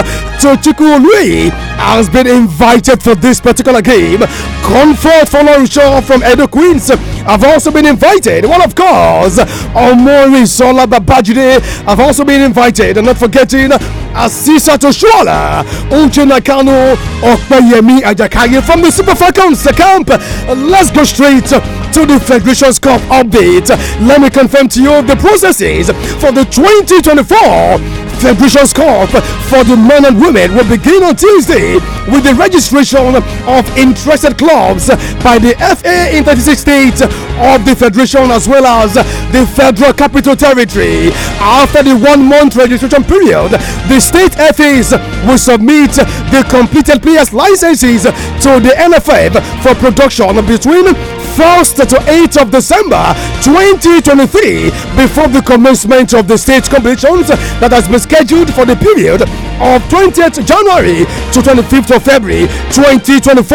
S12: Tochiku Olui has been invited for this particular game. Comfort for Laurishaw from Edo Queens I've also been invited. Well, of course, Omori Sola Babajide. I've also been invited. And not forgetting Asisa Toshuala, Uche Nakano, Okpeyemi Ajakaye from the Super Falcons camp. Let's go straight to the Federation's Cup update. Let me confirm to you the processes for the 2024 Celebrations Cup for the men and women will begin on Tuesday with the registration of interested clubs by the FA in 36 states of the Federation as well as the Federal Capital Territory. After the one month registration period, the state FAs will submit the completed players' licenses to the NFF for production between 1st to 8th of December 2023 before the commencement of the state competitions that has been scheduled for the period of 20th January to 25th of February 2024.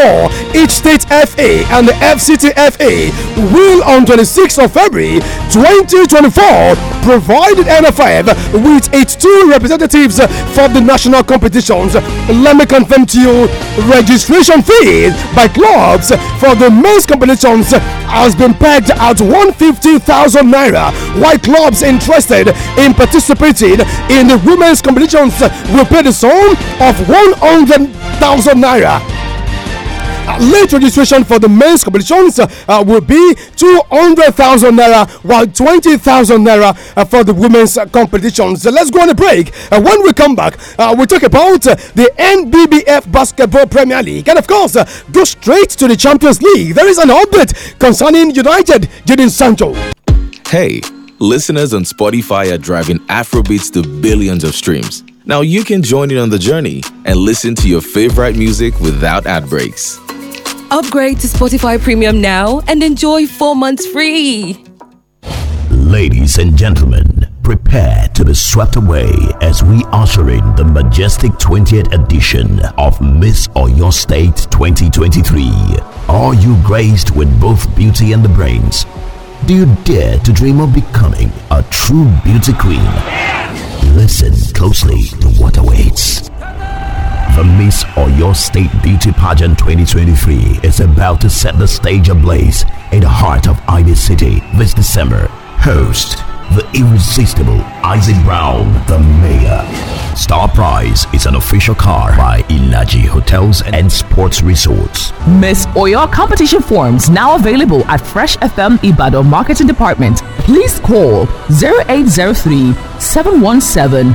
S12: Each state FA and the FCT FA will on 26th of February 2024 provide NFF with its two representatives for the national competitions. Let me confirm to you registration fees by clubs for the men's competitions Lords has been pegged at 150,000 naira. White clubs interested in participating in the women's competitions will pay the sum of 100,000 naira late registration for the men's competitions uh, uh, will be 200,000 naira while 20,000 naira uh, for the women's competitions. let's go on a break. when we come back, we'll talk about the NBBF Basketball Premier League and, of course, go straight to the Champions League. There is an update concerning United, Jadon Sancho. Hey,
S2: listeners on Spotify are driving Afrobeats to billions of streams. Now you can join in on the journey and listen to your favorite
S4: music without ad breaks.
S6: Upgrade to Spotify Premium now and enjoy four months free.
S4: Ladies and gentlemen, prepare to be swept away as we usher in the majestic 20th edition of Miss or Your State 2023. Are you graced with both beauty and the brains? Do you dare to dream of becoming a true beauty queen? Listen closely to what awaits the Miss or Your State Beauty Pageant 2023 is about to set the stage ablaze in the heart of Ivy City this December. Host the irresistible Isaac Brown, the mayor. Star Prize is an official car by Ilaji Hotels and Sports Resorts.
S17: Miss Oyo competition forms now available at Fresh FM Ibadan Marketing Department. Please call 0803 717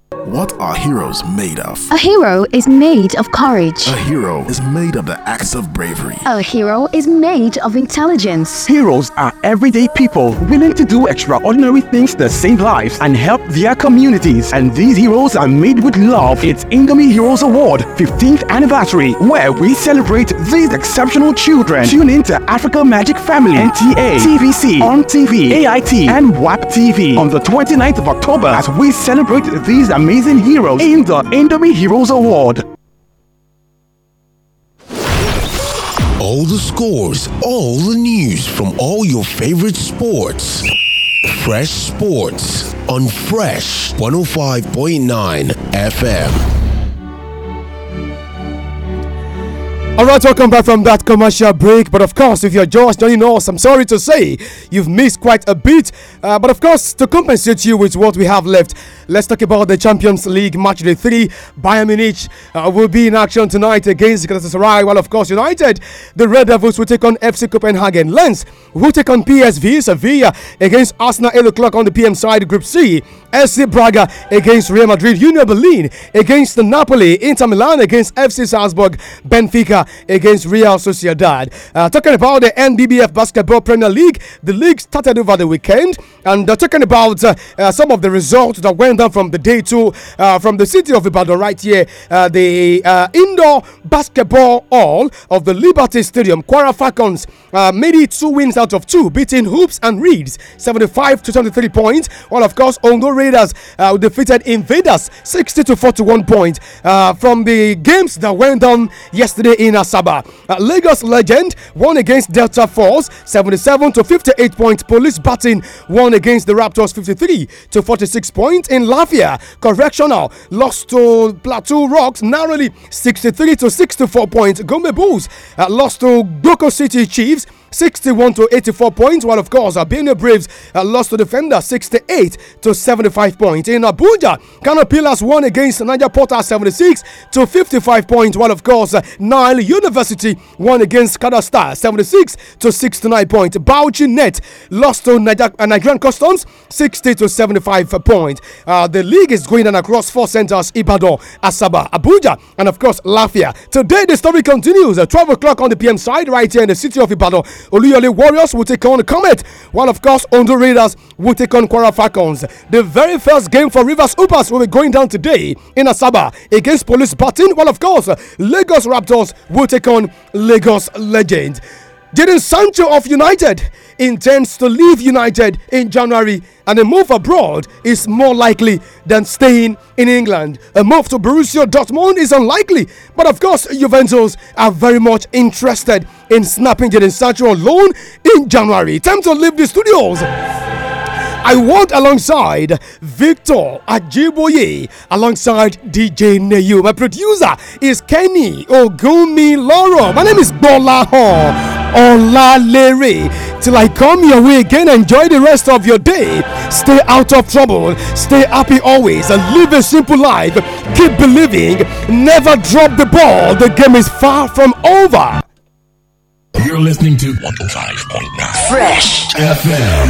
S4: What are heroes made of? A
S5: hero is made of courage. A hero
S7: is made of the acts of bravery.
S6: A hero is made of intelligence. Heroes
S7: are everyday people willing to do extraordinary things that save lives and help their communities. And these heroes are made with love. It's Ingami Heroes Award 15th anniversary, where we celebrate these exceptional children. Tune in to Africa Magic Family, NTA, TVC, On TV, AIT, and WAP TV on the 29th of October as we celebrate these amazing Amazing heroes in the Indomie Heroes Award. All the scores, all the news from all your
S4: favorite sports. Fresh Sports on Fresh 105.9 FM.
S12: All right, welcome back from that commercial break. But of course, if you're just joining us, I'm sorry to say you've missed quite a bit. Uh, but of course, to compensate you with what we have left, let's talk about the Champions League match day three. Bayern Munich uh, will be in action tonight against Galatasaray. While of course, United, the Red Devils will take on FC Copenhagen. Lens will take on PSV Sevilla against Arsenal 8 o'clock on the PM side, Group C. SC Braga against Real Madrid, Union Berlin against Napoli, Inter Milan against FC Salzburg, Benfica against Real Sociedad. Uh, talking about the NBBF Basketball Premier League, the league started over the weekend, and uh, talking about uh, uh some of the results that went down from the day two uh, from the city of Ibadan right here, uh, the indoor basketball hall of the Liberty Stadium, Quara Falcons made it two wins out of two, beating Hoops and Reeds 75 to 73 points. While of course Ondo Raiders defeated Invaders 60 to 41 points from the games that went down yesterday in Amina Saba. Uh, Lagos Legend won against Delta Force 77 to 58 points. Police batting won against the Raptors 53 to 46 points. In Lafia, Correctional lost to Plateau Rocks narrowly 63 to 64 points. Gombe Bulls uh, lost to Goko City Chiefs 61 to 84 points, while of course uh, Benue Braves uh, lost to defender 68 to 75 points. In Abuja, Kano won against Niger Porter 76 to 55 points, while of course uh, Nile University won against Kada 76 to 69 points. Bauchi Net lost to Niger, Nigerian Customs 60 to 75 points. Uh, the league is going on across four centers Ibadan, Asaba, Abuja, and of course Lafia. Today, the story continues at 12 o'clock on the PM side, right here in the city of Ibadan. Oluyole Warriors will take on Comet, while of course Ondo Raiders will take on Quara Falcons. The very first game for Rivers Upas will be going down today in Asaba against Police Batin, while of course Lagos Raptors will take on Lagos Legends. Jaden Sancho of United intends to leave United in January, and a move abroad is more likely than staying in England. A move to Borussia Dortmund is unlikely, but of course, Juventus are very much interested in snapping Jadon Sancho on loan in January. Time to leave the studios. I walked alongside Victor Ajiboye, alongside DJ Neyu. My producer is Kenny Ogumi Loro. My name is Bola Hall. Olalere till I come your way again. Enjoy the rest of your day. Stay out of trouble. Stay happy always and live a simple life. Keep believing. Never drop the ball. The game is far
S4: from over. You're listening to 105.9
S10: Fresh
S4: FM.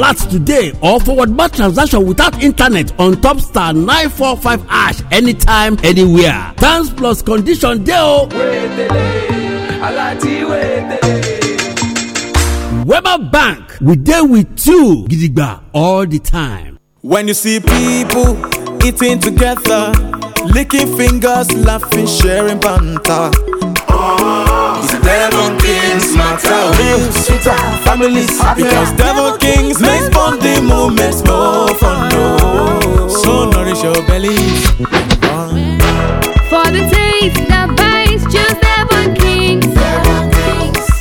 S16: alert today or forward bar transaction without internet on top star 945 ash anytime
S12: anywhere. Thanks plus condition dey o. Weber Bank, we dey with you gidigba all the time. When you see people eating together, licking fingers, laughing, sharing banter. Oh. It's Devon Kings matter Real sweeter families Because Devon Kings makes bonding moments more fun no. So nourish your belly
S9: For the taste that bites Choose Devon Kings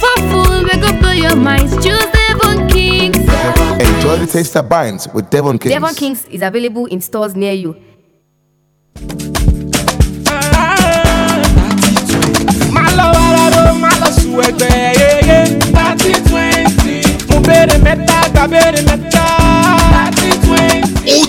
S10: For full wake up blow your minds Choose Devon Kings
S11: Enjoy the taste that binds with Devon Kings Devon
S13: Kings is available in stores near you my
S4: Outro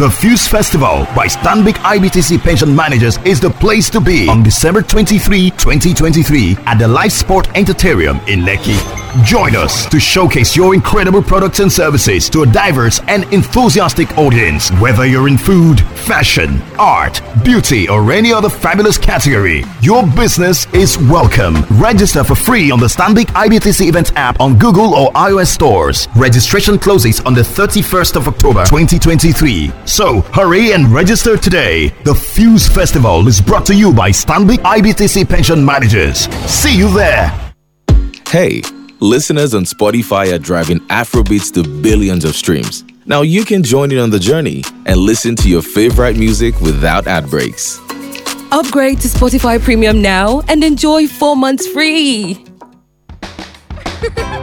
S4: The Fuse Festival by Stanbic IBTC Pension Managers is the place to be on December 23, 2023 at the Life Sport Entertainment in Lekki. Join us to showcase your incredible products and services to a diverse and enthusiastic audience. Whether you're in food, fashion, art, beauty, or any other fabulous category, your business is welcome. Register for free on the Stanbic IBTC Events app on Google or iOS stores. Registration closes on the 31st of October 2023. So hurry and register today. The Fuse Festival is brought to you by Stanbic IBTC Pension Managers. See you there. Hey listeners on
S2: Spotify are driving Afrobeats to billions of streams. Now you can join in on the journey and listen to your favorite music without ad breaks.
S6: Upgrade to Spotify Premium now and enjoy four months free. [LAUGHS]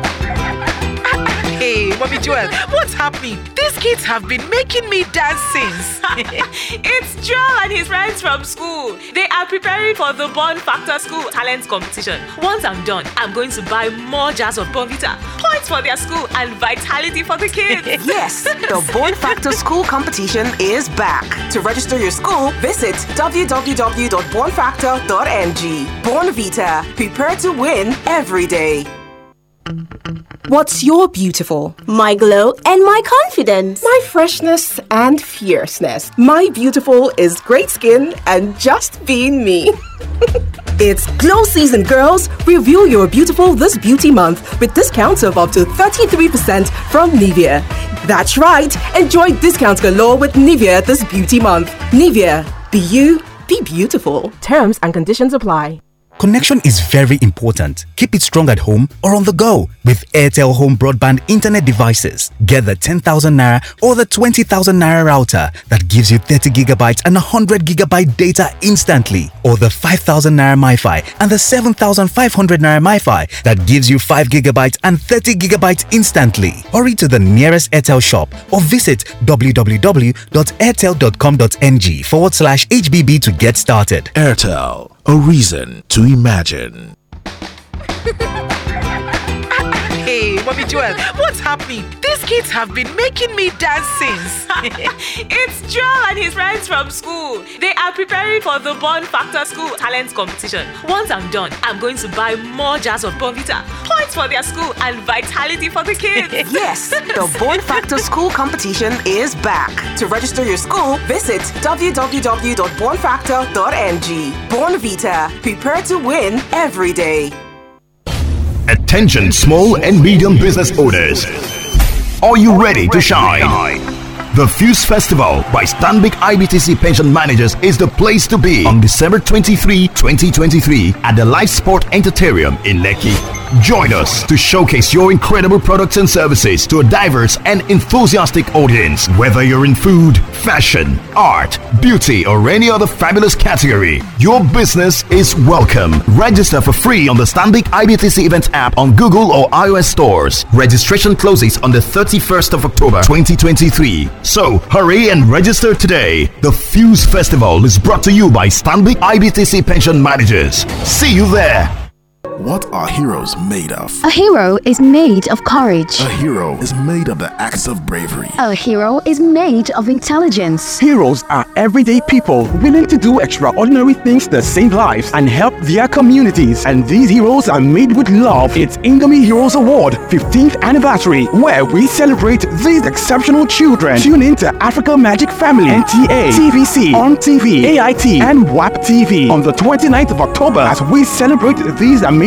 S6: Hey, Mommy Joel, what's happening? These kids have been making me dance since. [LAUGHS] it's Joel and his friends from school. They are preparing for the
S20: Bond Factor School Talent Competition. Once I'm done, I'm going to buy more jars of Bonvita, points for their school, and vitality for the kids. [LAUGHS] yes, the
S6: Bond Factor School Competition is back. To register your school, visit www.bornfactor.ng. Born Vita, prepare to win every day. What's your beautiful? My glow and my confidence. My freshness and fierceness. My beautiful is great skin and just being me. [LAUGHS] it's glow season, girls. Review your beautiful this beauty month with discounts of up to 33% from Nivea. That's right. Enjoy discounts galore with Nivea this beauty month. Nivea, be you, be beautiful. Terms and conditions apply.
S5: Connection is very important. Keep it strong at home or on the go with Airtel Home Broadband Internet devices. Get the 10,000 Naira or the 20,000 Naira router that gives you 30 gigabytes and 100 gigabyte data instantly, or the 5,000 Naira MiFi and the 7,500 Naira MiFi that gives you 5 gigabytes and 30 gigabytes instantly. Hurry to the nearest Airtel shop or visit www.airtel.com.ng forward slash HBB to get started. Airtel a reason to imagine. [LAUGHS]
S6: Mommy Joel, what's happening? These kids have been making me dance since. [LAUGHS] it's Joel and his friends from school. They are preparing for the Bond Factor School Talent
S20: Competition. Once I'm done, I'm going to buy more jars of Bonvita, points for their school, and vitality
S10: for the kids. [LAUGHS] yes, the
S6: Bond Factor School Competition is back. To register your school, visit www.bornfactor.ng. Born Vita, prepare to win
S4: every day. Attention small and medium business owners. Are you ready to shine? The Fuse Festival by Stanbic IBTC Pension Managers is the place to be on December 23, 2023 at the Life Sport Entertainment in Lekki. Join us to showcase your incredible products and services to a diverse and enthusiastic audience. Whether you're in food, fashion, art, beauty, or any other fabulous category, your business is welcome. Register for free on the Stanbic IBTC Event app on Google or iOS stores. Registration closes on the 31st of October 2023. So hurry and register today. The Fuse Festival is brought to you by Stanbic IBTC Pension Managers. See you there. What are heroes made of? A
S5: hero is made
S6: of courage.
S7: A hero is made of the acts of bravery.
S6: A hero is made of intelligence.
S7: Heroes are everyday people willing to do extraordinary things that save lives and help their communities. And these heroes are made with love. It's Ingami Heroes Award 15th anniversary, where we celebrate these exceptional children. Tune in to Africa Magic Family, NTA, TVC, On TV, AIT, and WAP TV on the 29th of October as we celebrate these amazing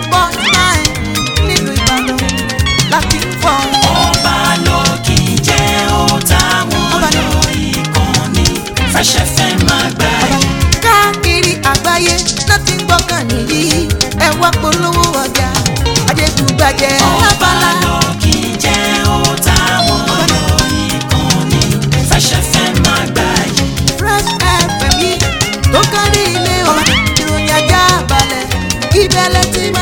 S10: Fresh FM máa gbà yìí. káàkiri àgbáyé nothing but ń gbọ́kàn nìyí ẹ wá polówó ọjà adétúgbàjẹ́ lábala. ọ̀pá lọ kì í jẹ́ ó táwọn lọ ìkànnì Fresh FM máa gbà yìí. Fresh FM yìí tó kárí ilé wa ìròyìn ajá balẹ̀ ìbẹ̀lẹ̀ tí máa.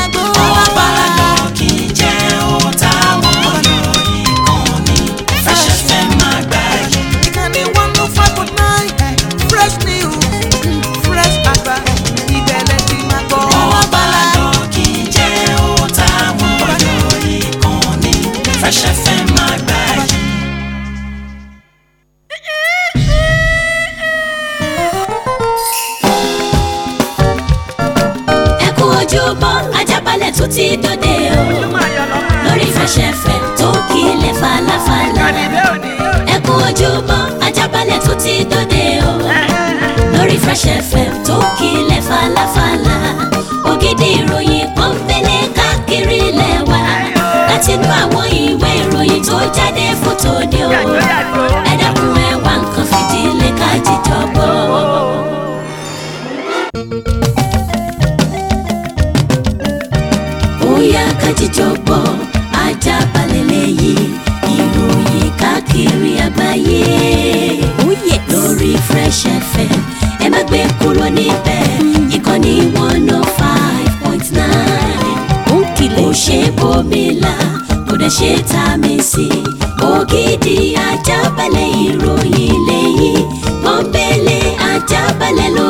S10: tó ti dòde o lórí fẹsẹ̀fẹ̀ tó kílẹ̀ falafala ẹ kú ojúmọ́ ajábalẹ̀ tó ti dòde o lórí fẹsẹ̀fẹ̀ tó kílẹ̀ falafala ògidì ìròyìn kan fẹ́lẹ́ káàkiri lẹ́wà láti inú àwọn ìwé ìròyìn tó jáde fótó ni o ẹ dákun nǹkan fìdílé ká jíjọ àjíjọpọ̀ ajábalẹ̀ lẹ́yìn ìròyìn káàkiri àgbáyé. Ó oh, yẹ lórí Fresh FM ẹ má gbé kúrò níbẹ̀ ìkànnì one oh five point nine. Ó kìlẹ̀ kò ṣe bómi la kò dẹ̀ ṣe tá a mi sí. Ògidì ajábalẹ̀ ìròyìn lẹ́yìn pọ́npẹ́lẹ́ ajábalẹ̀ lórí.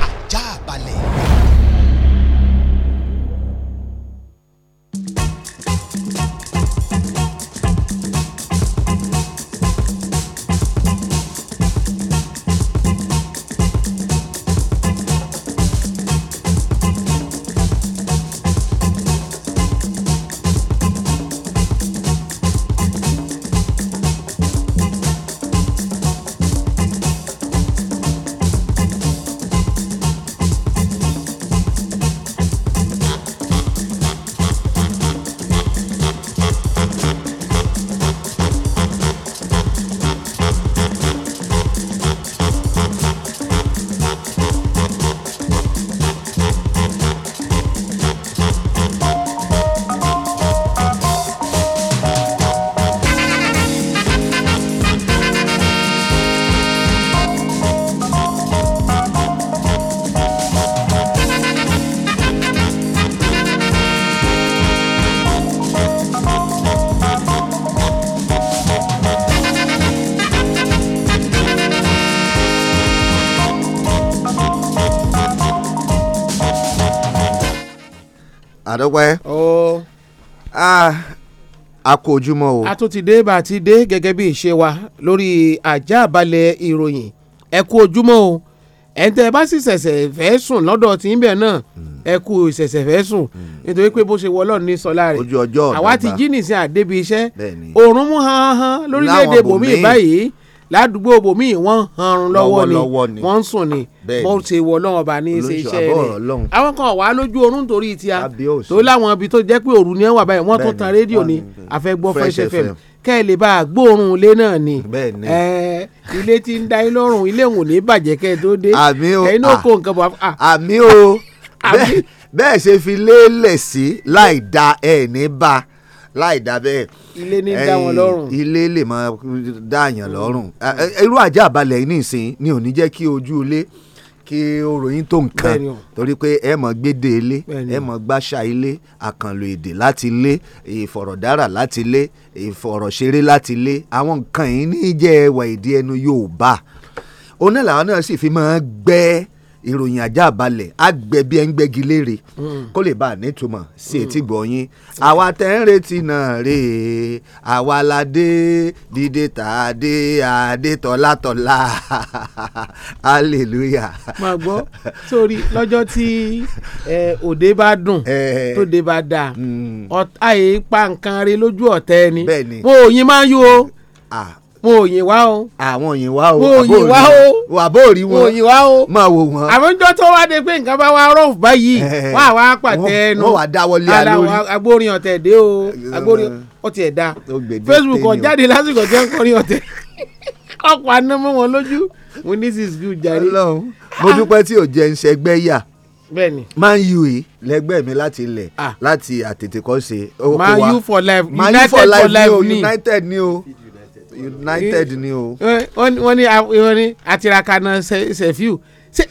S11: kú ojúmọ́ o. a tún ti dé bá a ti dé gẹ́gẹ́ bí ìṣe wa lórí ajá balẹ̀ ìròyìn ẹ kú ojúmọ́ o ẹ̀ńtẹ́ bá sì ṣẹ̀ṣẹ̀ fẹ́ sùn lọ́dọ̀ tí ń bẹ̀ náà hmm. ẹ kú ìṣẹ̀ṣẹ̀ fẹ́ sùn hmm. nítorí pé bó ṣe wọ ọlọ́run ní sọlá rẹ̀ ojú ọjọ́ ọ̀dọ́gba àwa ti jí nìsín àdébi òórùn mú hàn hàn lórílẹ̀‐èdè bòmíì báyìí ládùúgbò bòmíì wọ́n ń hanrun lọ́wọ́ ni wọ́n ń sùn ni bó ṣe wọ lọ́wọ́ bá ní í ṣe iṣẹ́ rẹ̀ àwọn kan wà lójú oorun torí tíya tó láwọn ibi tó jẹ́ pé òru ni wà báyìí wọ́n tún tan rédíò ni àfẹ́gbọ́ Fresh FM kẹ́ ẹ lè bá a gbóòórùn ilé náà ni ilé tí ń da yín lọ́rùn ilé òun ò ní bàjẹ́ kẹ́ ẹ tó dé ẹ̀yin náà kó nǹkan bọ̀
S18: àmì o bẹ́ẹ̀ ṣe fi lélẹ̀ sí láì da ẹ̀ ní bá a láì dá bẹ́ẹ̀. ilé ní dá wọn lọ́rùn. ilé lè máa dáàyàn lọ́rùn. irú àjà àbálẹ̀ nísìn ni ò ní jẹ́ kí ojú ilé kí oròyìn tó nǹkan torí pé ẹ mọ̀ gbédè ilé ẹ mọ̀ gbàṣà ilé àkànlò èdè láti ilé ìfọ̀rọ̀dára láti ilé ìfọ̀rọ̀ṣeré láti ilé àwọn nǹkan yìí ní jẹ́ ẹwà èdè ẹnu Yorùbá onílàwọn náà sì fi máa gbẹ́ ìròyìn ajá balẹ̀ àgbẹ̀bí ẹ̀ńgbẹ́gi léèrè hmm. kó lè bá a nítumọ̀ sí etí hmm. gbọ̀nyìn àwa tẹ́ ń retí náà rè é àwa la dé dídé tá a dé àdé tọ́látọ́lá [LAUGHS] hallelujah. máa gbọ́
S11: sórí lọ́jọ́ tí òde bá dùn tó dé bá dáa hmm. ọ̀tá yìí pa nǹkan rí lójú ọ̀tẹ́ ni bó oyin máa ń o wọn ò yìn wá o. àwọn ò yìn wá o. wọn ò yìn wá
S18: o. wà bó rí wọn. wọn ò yìn wá o. máa wò wọn.
S11: àmọ́jọ́ tó wá dé pé nǹkan bá wá rọ̀ báyìí wọ́n àwa pàtẹ ẹnu. wọ́n wà dáwọ́lé alórí. agbórin ọ̀tẹ̀ dé o agbórin ọ̀tẹ̀ dá.
S18: Facebook ó jáde
S11: lásìkò tí wọ́n kọrin ọ̀tẹ̀ [LAUGHS] ọ̀pọ̀ àná mọ́ wọn lójú
S18: mo ní six good jàre. Ọlọ́run mo ah. dúpẹ́ tí ò jẹ́ ń ṣẹgbẹ́ yà bẹ́ẹ̀ni. man u e lẹ́gbẹ́ mi láti ilẹ̀ ah. láti àtètè kan ṣe. man u for life united for life ni o united ni o united ni o.
S11: wọ́n ní wọ́n ní atiraka náà sefiu ṣe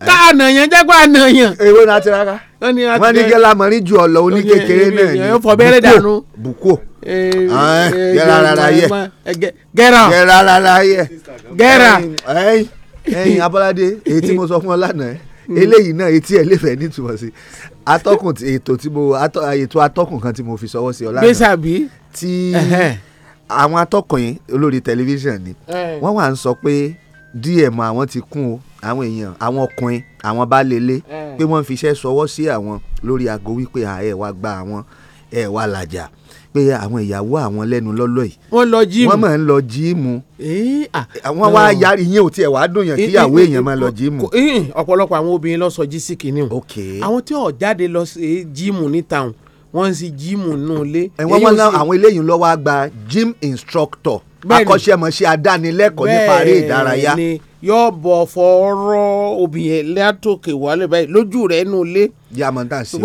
S11: tá
S18: ànàyàn jágbá ànàyàn. èwo ni atiraka wọ́n ní gẹ́lá mọ̀rí ju ọ̀lọ́ oníkékeré náà ni buko gẹ́rà rárá yẹ gẹ́rà rárá yẹ gẹ́rà. ẹyin abọ́ládé èyí tí mo sọ fún ọ lánàá mm. eléyìí náà etí ẹ lẹ́fẹ̀ẹ́ nítumọ̀ sí atọ́kùn ètò tí mo ètò atọ́kùn kan tí mo fi sọwọ́ sí ọ lánàá. gbèsàbí. tí àwọn atọ́kùn yìí olórí tẹlifíṣàn ni wọ́n wà ń sọ pé díẹ̀ mọ́ àwọn ti kún o àwọn èèyàn àwọn ọkùnrin àwọn bá lélé pé wọ́n fi iṣẹ́ sọwọ́ sí àwọn lórí aago wípé ààyè wa gba àwọn ẹ̀ wà làjà pé àwọn ìyàwó àwọn lẹ́nu lọ́lọ́ yìí. wọ́n lọ jíìmù wọ́n máa ń lọ jíìmù.
S11: àwọn wá ya
S18: ìyẹn ò tiẹ̀ wá dùn yàn kí ìyàwó èèyàn máa lọ jíìmù.
S11: ọ̀pọ̀lọpọ̀ àwọn obìnrin lọ sọ jí sí kìnìún. àwọn tí ò jáde lọ sí jíìmù ní tàwọn wọ́n ń ṣe jíìmù nù ilé. ẹ wọ́n wọ́n náà àwọn
S18: eléyìí lọ́wọ́ á gba gym instructor akọ́ṣẹ́mọṣẹ́ adánilẹ́kọ̀ọ́ nípa eré ìdárayá. bẹ́ẹ̀ ni yóò bọ̀ fọ́ọ́rọ́ obìnrin látòkè
S11: wálé báyìí lójú rẹ̀ nù ilé. yàmọ̀ tá a ṣe o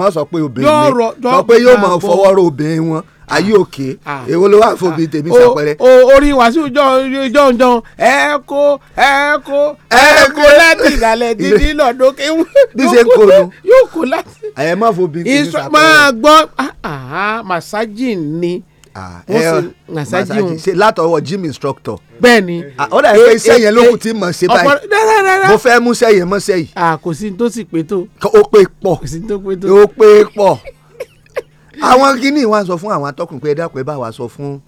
S11: mọ̀ sọ pé obìnrin sọ pé yóò mọ̀ fọwọ́rọ́
S18: obìnrin wọn ayé òkè ah. èwo ló wà fòbi ah. tèmi sàpẹrẹ.
S11: orí wàsíù jọ̀njọ̀n ẹ kó ẹ kó ẹ kó láti ìdálẹ̀ [LAUGHS] dídí lọ́dún kí wọ́n. bí ṣe ń kó nu yóò kó láti. Ah, ẹ má
S18: fòbi tèmi sàpẹrẹ.
S11: máa gbọ́ masaji ni masaji ń ṣe
S18: látọwọ́ gym instructor. bẹ́ẹ̀ni
S11: ó dà pé eh, iṣẹ́ yẹn eh, lókun tí mo ṣe báyìí
S9: mo
S18: fẹ́ mú iṣẹ́ yẹn mọ́ iṣẹ́ yìí. kò sí tó sì pé tó. ó pé pọ̀
S9: ó
S11: pé pọ̀
S18: àwọn kìíní wa sọ fún àwọn atọ́kùn pé ẹ dákun ẹ bá wa sọ fún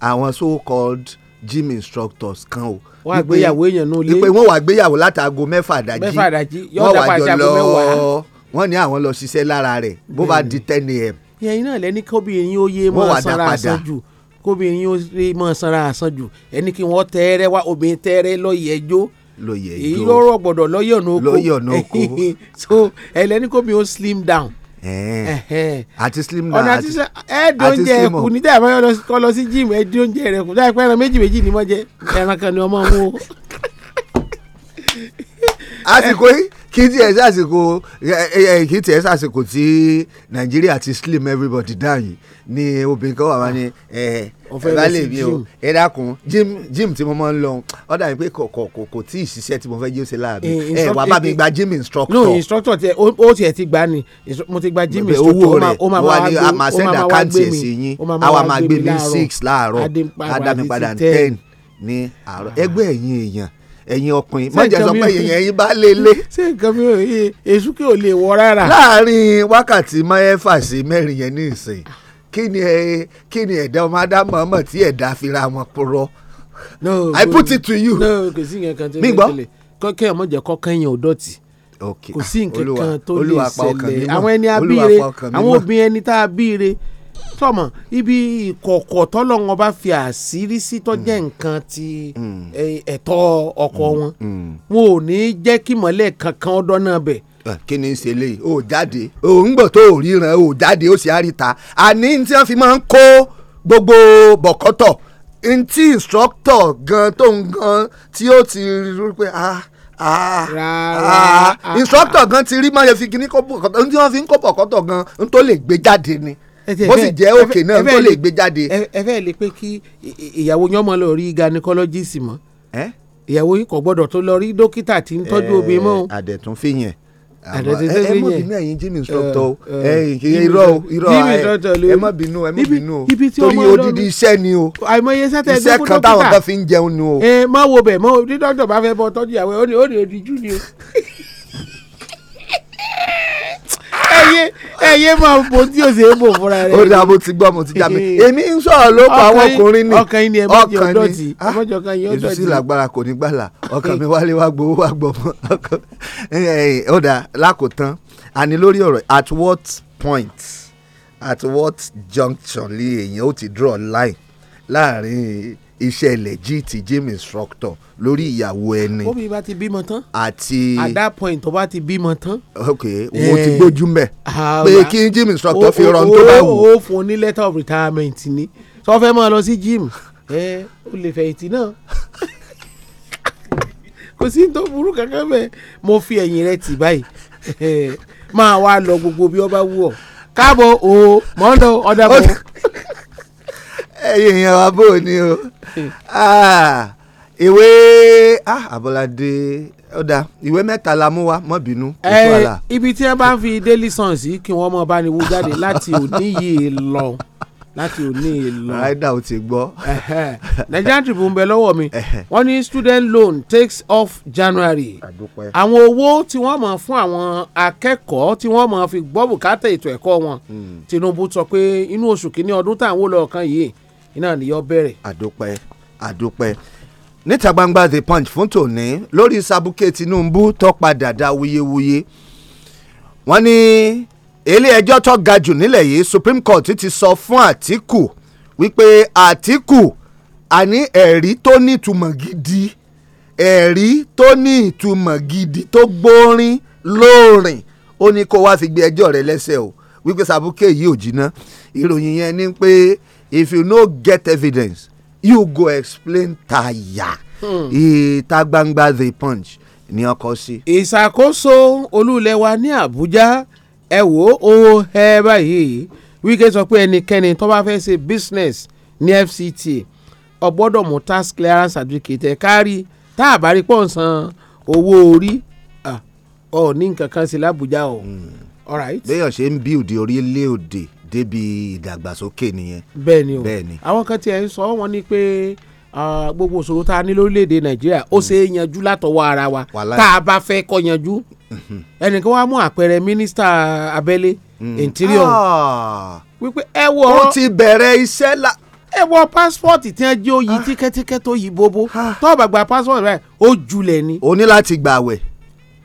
S18: àwọn so called gym instructors kan o. wọ́n á gbéyàwó èèyàn ní ilé. ìpè wọ́n wà gbéyàwó látàgò mẹ́fà dájí
S11: wọ́n wà jọ lọ
S18: wọ́n ní àwọn lọ ṣiṣẹ́ lára rẹ̀ bó bá di ten am.
S11: ìyẹn náà lẹ́ni kóbìnrin ó yé mọ́ sanra àsan jù kóbìnrin ó yé mọ́ sanra àsan jù ẹni kí wọ́n tẹ́ẹ́rẹ́ wá obìnrin tẹ́ẹ́rẹ́ lọ́ọ̀yẹ́ jó lọ́ọ̀yẹ́ jó èyí lọ́rọ̀ gbọ́dọ̀ lọ́ọ̀yẹ́ ọ̀nà oko [LAUGHS] so ẹlẹ́ni kóbìnrin ó slim down
S18: àti slim náà
S11: ọ̀nà àti slim ẹ dóúnjẹ kù níta ìbáyọ̀ kọ́ lọ sí gym ẹ dóúnjẹ rẹ kù láì pẹ́ ẹran méjì méjì ni mo jẹ ẹran kan ni ọmọ mu o. [LAUGHS]
S18: àsìkò yìí kì í tiẹ̀ sàsìkò kì í tiẹ̀ sàsìkò tí nàìjíríà ti slim everybody down yìí ni obìnrin kan wà wá ní ẹ̀dá lè mi o ẹ̀dá kun Jim gym tí mo máa ń lọ ọ dà bíi pé kò kò kò tí ì ṣiṣẹ́ tí mo fẹ́ jẹ́ ṣe láàbí eh, ẹ̀ wà bá mi eh, gba gym instructor. no instructor tiẹ o tiẹ ti gba ni mo ti gba gym instructor o ma ma wá gbé mi o ma ma wá gbé mi o ma ma wá gbé mi láàárọ̀ six láàárọ̀ adamipada ten ní àárọ̀ ẹgbẹ́ ẹ̀yin èèyàn ẹ̀yin ọkùnrin mọ̀jẹ̀ sọ pé èèyàn ẹ̀yin bá lé lé. ṣé nǹkan mi ò yé èsúkè ò lè wọ rárá. láàárín wákàtí mẹ́fà sí mẹ́rin yẹn ní ìsìn kí ni ẹ kí ni ẹ̀dá ọmọ ádámọ̀ ọmọ tí ẹ̀dá fira wọn purọ́. no i put it to you. no
S11: kò sí ọmọ jẹ́ kọ́kẹ́ yẹn ò dọ̀tí.
S18: kò sí nǹkan tó lè ṣẹlẹ̀ àwọn ẹni abíire àwọn
S11: obìnrin ẹni tá a bíire tọmọ ibi ìkọ̀kọ̀ tọ́lọ́run ọba fi àṣírí sí tó jẹ́ mm. nǹkan
S18: ti mm. ẹ̀tọ́ ọkọ mm. wọn wọn ò ní jẹ́ kí mọ́lẹ̀ kankan ọdọ́ náà bẹ̀ kí ni ṣe lè o jáde o ń gbọ́ tó o ríran o jáde o sì àríta àní tí wọ́n fi máa ń kó gbogbo bọ̀kọ́tọ̀ ntí instructor gan tó ń gan tí ó ti rí pé ah ah, ah. ah, ah. instructor gan ti rí máa yẹ fi kíní kó bọ̀kọ́tọ̀ ntí wọ́n fi ń kó bọ̀kọ́tọ̀ gan n tó lè gbé jáde ni bó sì jẹ́ òkè náà tó lè gbé jáde. ẹ fẹ́ lè pé kí ìyàwó yín ọmọ lọ rí
S11: gynecologist mọ́ ìyàwó yín kò gbọ́dọ̀ tó lọ rí dókítà tí ń tọ́jú obìnrin mọ́. àdẹ̀tún fi
S18: yẹn ẹ mọ bínú ẹ̀yin jimmy instructor ẹ irọ́ irọ́ ẹ mọ bínú ẹ mọ bínú torí odidi iṣẹ́ ni o iṣẹ́ kan táwọn kan fi ń
S11: jẹun ni o. ẹ má wo bẹ̀ mọ́ dídọ́jọ́ bá fẹ́ bọ́ tọ́jú ìyàwó ẹ ó ní òdìjú ni o ẹyẹ ẹyẹ máa bò tí o ṣe é bò fúnra rẹ.
S9: ó
S18: dà mo ti gbọ́ mo ti jà mí èmi ń sọ̀rọ̀ ló àwọn ọkùnrin ni ọkàn ni ọkàn
S11: ni èso sí làgbára
S18: kò ní gbàlà ọkàn [LAUGHS] mi wálé wá gbowó wá gbọmọ [LAUGHS] ọkàn ó dà lákòótán àní lórí ọ̀rọ̀ at what point at what junction lè èèyàn ó ti draw line láàrin ìṣẹ̀lẹ̀ gt gym instructor lórí ìyàwó ẹni. ó
S11: bí bá ti bímọ tán.
S18: àti at that
S11: point ó bá ti bímọ tán.
S18: ok wo eh, ti gbójú mbẹ. Ah, pé kí gym instructor fi rọrùn tó bá wù.
S11: ó fún un ní letter of retirement ni sọ fẹ́ máa lọ sí gym ẹ ó lè fẹ̀yìntì náà kò sí tó burú kankan bẹ́ẹ̀ mo fi ẹ̀yìn rẹ tì báyìí máa wá lọ gbogbo bí ó bá wù ọ́ káàbọ̀ o mọ́ńdọ̀
S18: ọ̀dàbọ̀ ẹ̀yin èèyàn wa bò ní o ah, ìwé ah, àbọ̀ládé ó dáa ìwé mẹ́ta la mú wa mọ́ bínú. ẹ eh,
S11: ibi tí wọ́n bá ń fi daily sun sí kí wọ́n mọ bá ní wú jáde láti òní yìí lọ láti òní yìí lọ. ráìdà ò ti gbọ́. Nigerian Tribune bẹ lọ́wọ́ mi wọ́n ní student loan takes off January àwọn owó tí wọ́n mọ̀ fún àwọn akẹ́kọ̀ọ́ tí wọ́n mọ̀ fi gbọ́ bùkátà ètò ẹ̀kọ́ wọn hmm. Tinubu sọ pé
S18: inú oṣù kínní ọdún táwọn ò lọ kàn yìí iná nìyọ bẹ̀rẹ̀. àdópẹ́ àdópẹ́ níta gbangba the punch fún tòní lórí sabuke tinubu tó padà da wuyewuye wọ́n ní ilé-ẹjọ́ tó ga jù nílẹ̀ yìí supreme court ti sọ fún àtìkù wípé àtìkù àní ẹ̀rí tó nítumọ̀ gidi ẹ̀rí tó ní ìtumọ̀ gidi tó gbórin lóòrìn ó ní kó wá fi gbé ẹjọ́ rẹ̀ lẹ́sẹ̀ o wípé sabuke yìí ò jiná ìròyìn yẹn ni pé if you no get evidence you go explain tire ìta hmm. gbangba the punch ni ọkọ sí. ìṣàkóso
S11: olúlẹ̀ wa ní àbújá ẹ wò ó owó ẹ báyìí wíkẹ́ sọ pé ẹnikẹ́ni tó bá fẹ́ ṣe business ní fct ọgbọ́dọ̀ mú tax clearance certificate ẹ̀ kárí tá a bá rí pọ̀ san owó orí ọ̀ ní nǹkan kan sí làbújá o. Hmm. béèyàn
S18: ṣe ń bí òde orílẹ̀-èdè débi ìdàgbàsókè nìyẹn. bẹ́ẹ̀ni o bẹ́ẹ̀ni
S11: àwọn kan tiẹ̀ ń sọ wọ́n ní pé gbogbo òṣòro tá a ní lórílẹ̀‐èdè nàìjíríà ó hmm. ṣe é yanjú látọwọ́ ara wa tá a bá fẹ́ kó yanjú hmm. ẹnìkan wàá mú àpẹẹrẹ mínísítà abẹ́lé hmm. interior ah. wípé ẹ wọ ó ti bẹ̀rẹ̀ iṣẹ́ la ẹ wọ pásítọ̀tì tí wọ́n jẹ́ òyì ah. tíkẹ́tíkẹ́ tó yí bóbó ah. tọ́ọ̀bà gba pásítọ̀tì rẹ̀ ó julẹ̀ ni. o ní láti gbàwẹ̀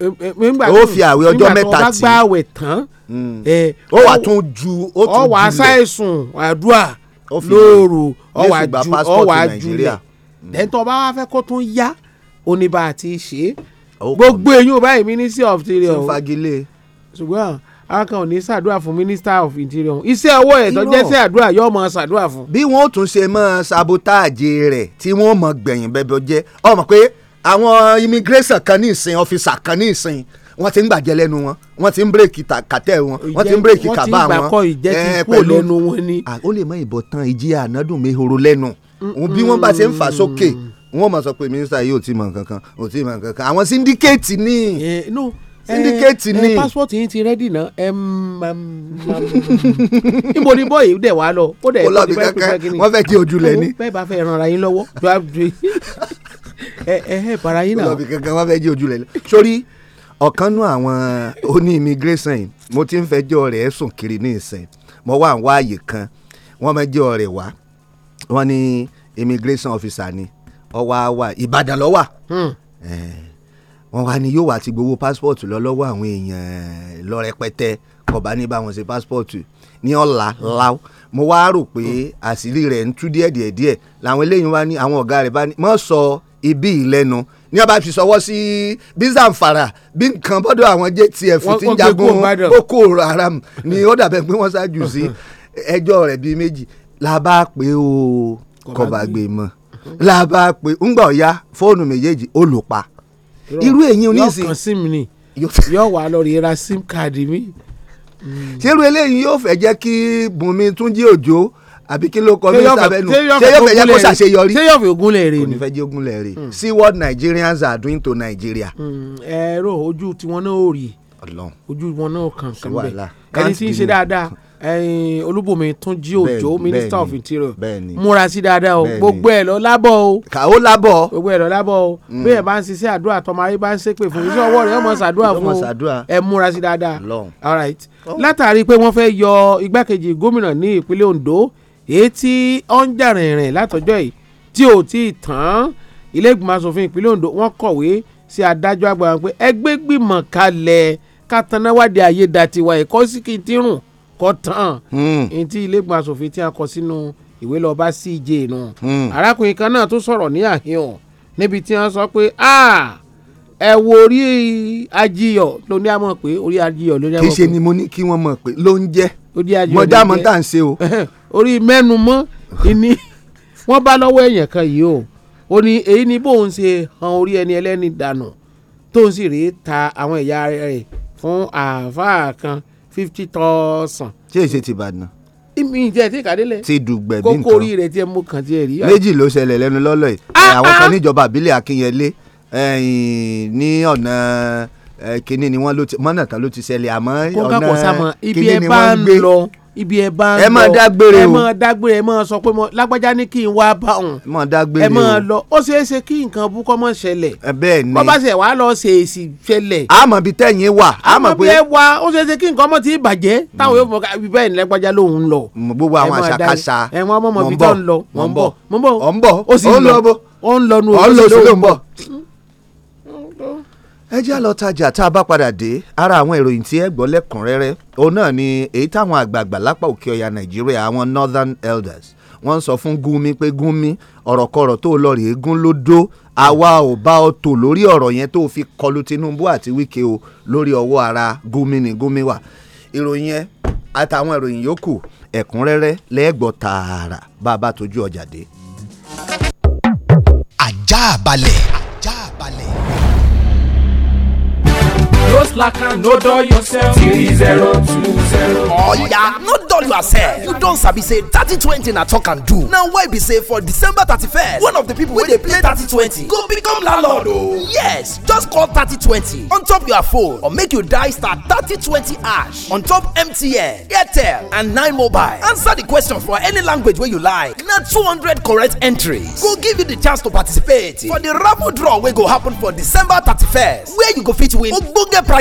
S11: ó fi àwẹ̀ ọjọ́ mẹ́ta tì í nígbà tó bá gbà àwẹ̀ tán mm. ó wà tún ju ó tún ju lẹ̀ ó wà ṣàìsùn àdúrà lóru ó wà ju ó wà ju lẹ̀ lẹ́tọ̀ bá wá fẹ́ kó tún yá oníbà àti ṣe gbogbo eyín ò báyìí ministry of interior o ṣùgbọ́n àwọn kan ò ní ṣàdúrà fún minister of interior iṣẹ́ ọwọ́ ẹ̀ tó jẹ́ sí
S18: àdúrà yóò máa ṣàdúrà fún. bí wọ́n ó tún ṣe máa sabotage rẹ̀ tí wọ́n mọ̀ gbẹ̀yìn bẹ́bẹ̀ jẹ́ ọmọ pé àwọn immigration kan ní ìsìn ọ́fíìsà kan ní ìsìn wọ́n ti ń gbàjẹ́ lẹ́nu wọn wọ́n ti ń bírèkì kàtẹ́ wọn wọ́n ti ń bírèkì kàbá wọn. wọ́n ti ń gbàkọ́ ìjẹ́ ti kúrò lẹ́nu wọn ni. ó lè mọ ìbọn tán ìjì ànádùn mehoro lẹ́nu bí wọ́n bá ṣe ń fà sókè wọ́n mọ̀ sọ pé mínísítà yìí ò tí mọ̀ nǹkan kan ò tí mọ̀ nǹkan kan àwọn síndíkéètì ni síndíkéètì ni
S11: pásítọ̀tì yìí ti rẹ́dì náà níbo ni bọ́ọ̀yì dẹ̀ wá lọ ó dẹ̀ ẹ̀ lọ́ọ́ bí kankan wọ́n fẹ́ kí ojúlẹ̀ ni.
S18: bẹ́ẹ̀ bá fẹ́ ràn ara yín lọ́wọ́ ẹ ẹ ẹ para yín náà. olùbí kankan wọn fẹẹ jẹ ojú rẹ lọ sórí ọ̀kan nú àwọn oní immigration yìí mo ti ń fẹjọ́ rẹ̀ sùn kiri ní ìsìn mo wà ń wá àyè kan wọ́n mẹjọ́ rẹ̀ wá wọ́n ní immigration officer ni ọwọ́ àwà Ìbàdàn lọ́wà hmm. wọ́n wá ní yóò wá ti gbowó passport lọ lọ́wọ́ àwọn èèyàn lọ rẹpẹtẹ kọba ní báwọn ṣe passport ní ọ̀la láw mo wá rò pé àṣírí rẹ̀ ń tú díẹ̀ díẹ̀ díẹ̀ làwọn eléyìí wá ní àwọn ọ̀gá rẹ̀ bá ní mọ̀ sọ ibi ìlẹ́nu ní a bá fi sọwọ́ sí bí zamfara bí nǹkan bọ́dọ̀ àwọn jtf ti ń jagun boko haram ni ó dàbẹ̀ pé wọ́n ṣáájú sí ẹjọ́ rẹ̀ bíi méjì la bá pé o kọ̀bàgbé mọ̀ la bá pé ńgbà ọ̀ya fóònù méjèèjì olùpa
S9: irú èyí oníṣìí
S18: yọkàn sim ni yọ wà lórí ra sim card mi. ṣerú eléyìí yóò fẹ́ jẹ́ kí Bùnmi Túnjí Òjó àbí kí ló kọ mínísítà bẹnu ṣé yóò fẹ́ yẹ kó ṣàṣeyọrí ṣé yóò fẹ́ ogunlẹ̀ rè ni onífẹ́ jẹ́ ogunlẹ̀ rè hmm. see what Nigerians are doing to Nigeria.
S11: Hmm. ẹ̀rọ ojú tiwọn náà ò rí ojú wọn náà kàn kàn bẹ́ẹ̀ ẹni tí ń ṣe dáadáa olúbùnmi túnjí òjò minister of interior
S18: múra sí dáadáa o gbogbo
S11: ẹ lọ lábọ o kàó lábọ gbogbo ẹ lọ lábọ o hmm. bí ẹ bá ń ṣiṣẹ́ àdúrà tọmọ ayé bá ń ṣépè fún iṣẹ́ ọwọ́ rẹ̀ ọmọ ṣàdúrà fún o ẹ múra sí dáadáa all right oh. látàrí pé wọ́n fẹ́ yọ igbákejì gómìnà ní ìpínlẹ̀ Ondo èyí tí ó ń jà rìnrìn látọjọ́ yìí tí ò tí ì tán ilé ìgbìmọ̀ asòfin ìpínlẹ̀ Ondo wọ́n kọ̀wé sí adájọ́ àgbà wọn pé ẹgbẹ́ gbìmọ̀ kalẹ̀ katanáwádìí ayédatiwa ẹ̀kọ́ sí kí n ti rùn kọ́ tán ní hmm. ti ilé ìgbìmọ̀ asòfin tí a kọ sínú ìwé lọ bá CJ nù. Hmm. arákùnrin kan náà tún sọ̀rọ̀ ní àhíhàn níbi tí wọ́n sọ pé ẹ wo orí ajiyọ̀ ló ní àmọ̀ pé orí ajiyọ̀ ló ní àmọ̀ pé. kì í ṣe
S18: ni mo ní kí wọ́n mọ̀ pé ló ń jẹ́ mọ̀dá mọ̀dá ń ṣe o
S11: [LAUGHS] orí mẹ́nu mọ́ ìní wọ́n bá lọ́wọ́ èèyàn kan yìí o ó ní èyí ni bóun ṣe han orí ẹni ẹlẹ́ni dànù tóun sì rèé ta àwọn ẹ̀yà rẹ̀
S18: fún àáfàá kan fifty thousand. ṣé èsì ti bàdàn
S11: mi jẹ ti kàdé lẹ. ti
S18: dùgbẹ́ bí nǹkan kókó orí
S11: rẹ tiẹ̀ mú kàn tiẹ̀
S18: rí. méjì ló ṣẹlẹ̀ lẹ́nu lọ́lọ́ yìí ah, àwọn kan ah. níjọba àbílẹ̀ akínyẹlé ní ọ̀nà kínní ni wọ́n ló ti mọ́nà kan ló ti ṣẹlẹ̀ àmọ́
S11: ọ̀nà kínní ni wọ́n gbé ibi ẹ bá ń lọ ẹ máa dágbére o ẹ máa dágbére ẹ máa sọ pé mo lágbájá ní kí n wá bá òun ẹ máa dágbére o ẹ máa lọ ó ṣeé ṣe kí nǹkan búkọ́ mọ̀ ṣẹlẹ̀ bẹ́ẹ̀ ni bọ́bá ṣe wàá lọ ṣe èsì ṣẹlẹ̀. àmọ́ bíi tẹ̀yìn wà àmọ́ pé àmọ́ bíi wà ó ṣeé ṣe kí nǹkan mọ̀ ti bàjẹ́ mm. táwọn yóò fọ bẹ́ẹ̀ ni lágbájá lòun lọ. Mm, gbogbo
S9: àwọn àṣàkáṣà mọ̀ ń bọ̀ mọ̀ ń bọ̀ ó
S18: ń lọ ó ń lọ ẹ já lọ tajà tá a bá padà dé ara àwọn ìròyìn tí ẹ gbọ́ lẹ́kùnrẹ́rẹ́ òun náà ni èyí táwọn àgbààgbà lápá òkè ọ̀yà nàìjíríà àwọn northern elders wọ́n ń sọ fún gúnmi pé gúnmi ọ̀rọ̀kọ̀rọ̀ tó lọ rèé gún ló dó àwa ò bá ọ tò lórí ọ̀rọ̀ yẹn tó fi kọlu tinubu àti wike o lórí ọwọ́ ara gúnmi ni gúnmi wà ìròyìn yẹn àtàwọn ìròyìn yòókù ẹ̀kúnrẹ́rẹ́ lẹ́ẹ̀gbọ́ tààrà bá a bá tójú ọjà dé. àjà
S8: balẹ̀ slack
S12: and no dull yourself. three zero two zero. oya no dull yourself you don't sabi say thirty twenty na talk and do Now why be say for december thirty first one of the people wey dey play thirty
S17: twenty go become landlord o. Oh. yes just call thirty twenty on top your phone or make you die star thirty twenty ash on top mtn airtel and nine mobile answer the question for any language wey you like na two hundred correct entries go give you the chance to participate for the raffle draw wey go happen for december thirty first where you go fit win ogbonge prize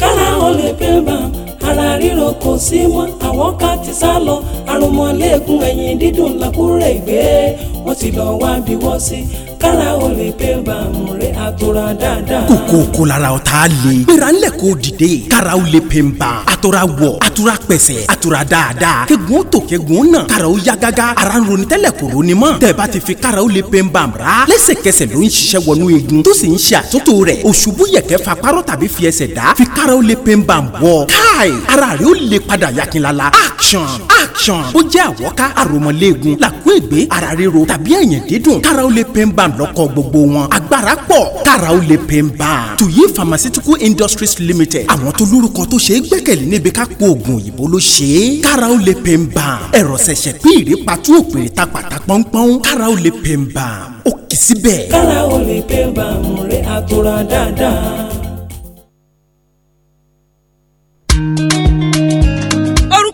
S10: káláhùn lè pé bá ara ríro kò sí mọ́ àwọn ká ti sá lọ àrùnmọ́lẹ́gùn ẹ̀yìn dídùn làkúrẹ́ ìgbé wọ́n ti lọ́ọ́ wá bí wọ́n sí kára o lè pé bàmù rẹ̀ àtòrà dáadáa.
S12: kòkó kò lára ọ̀tá le. gbéra ńlẹ̀ kò dìde. kára o lè pè ń ban. àtòrà wọ̀ àtòrà pẹ̀sẹ̀ àtòrà dáadáa. kegun tó kegun náà. kára o ya gágá. ara ń ronú tẹ́lẹ̀ kò ronú mọ́. tẹ̀bá ti fi kára o lè pè ń ban ra. lẹ́sẹ̀kẹsẹ̀ ló ń ṣiṣẹ́ wọnú igun. tó sì ń ṣe àtúntò rẹ̀. òṣùbù yẹ̀kẹ́ fa párọ̀ tàbí fi ẹsẹ̀ dá. fi kára o lè pè ń ban bọ̀. ara rẹ̀ ó lè padà yakinlala. action action. ó jẹ́ àwọ́ká àròmọléegun làkúègbé ara ríro tàbí ẹ̀yìn dídùn kára ó lè pain ban lọ́kọ̀ gbogbo wọn agbára pọ̀ kára ó lè pain ban. tuyi pharmaceutical industries limited àwọn tó lórúkọ tó ṣe é gbẹ́kẹ̀lé níbi ká po oògùn òyìnbó ló ṣe é kára ó lè pain ban. ẹ̀rọ ṣẹ̀ṣẹ̀ pín ìrèpàtú òpèrè ta pàtà pọ́npọ́n kára ó lè pain ban ó kì í
S10: síbẹ̀. kára ó lè pain ban mú àtúrà dáadáa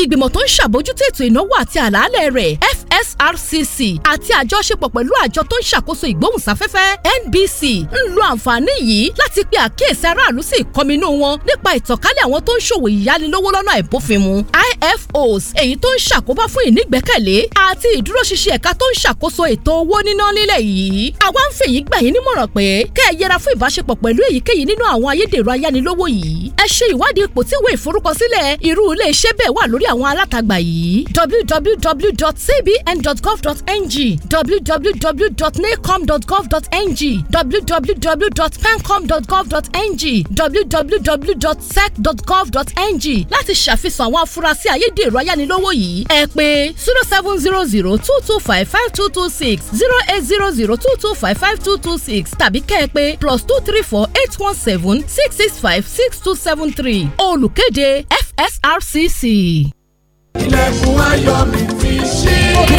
S13: ìgbìmọ̀ tó ń ṣàbójútó ètò ìnáwó àti àlàálẹ̀ rẹ̀ FSRCC àti àjọṣepọ̀ pẹ̀lú àjọ tó ń ṣàkóso ìgbóhùnsáfẹ́fẹ́ NBC ń lo àǹfààní yìí láti pe àkíyèsí aráàlú sí ìkọminú wọn nípa ìtànkálẹ̀ àwọn tó ń ṣòwò ìyánilówó lọ́nà àìbófinmu IFOs èyí tó ń ṣàkóbá fún ìnígbẹ́kẹ̀lé àti ìdúróṣinṣin ẹ̀ka tó ń ṣàkóso ètò owó níná nílẹ̀ yìí àwa ń fèyí gbà yín nímọ̀ràn pé kẹ́ ẹ yẹra fún ìbáṣepọ̀ pẹ̀lú èyíkéyìí nínú àwọn ayédèrú ayánilówó yìí ẹ ṣe ìwádìí ipò tí ìwé ìforúkọsílẹ̀ irú ilé iṣẹ́ bẹ́ẹ̀ wà lórí lórí àwọn alátagbà yìí www.cbn.gov.ng www.nacom.gov.ng www.pencom.gov.ng www.sec.gov.ng láti ṣàfihàn àwọn afurasí ayédèrú ayánilówó yìí ẹ pè zero seven zero zero two two five five two two six zero eight zero zero two two five five two two six tàbí kẹ́ ẹ pè plus two three four eight one seven six six five six two seven three olùkéde FSRCC.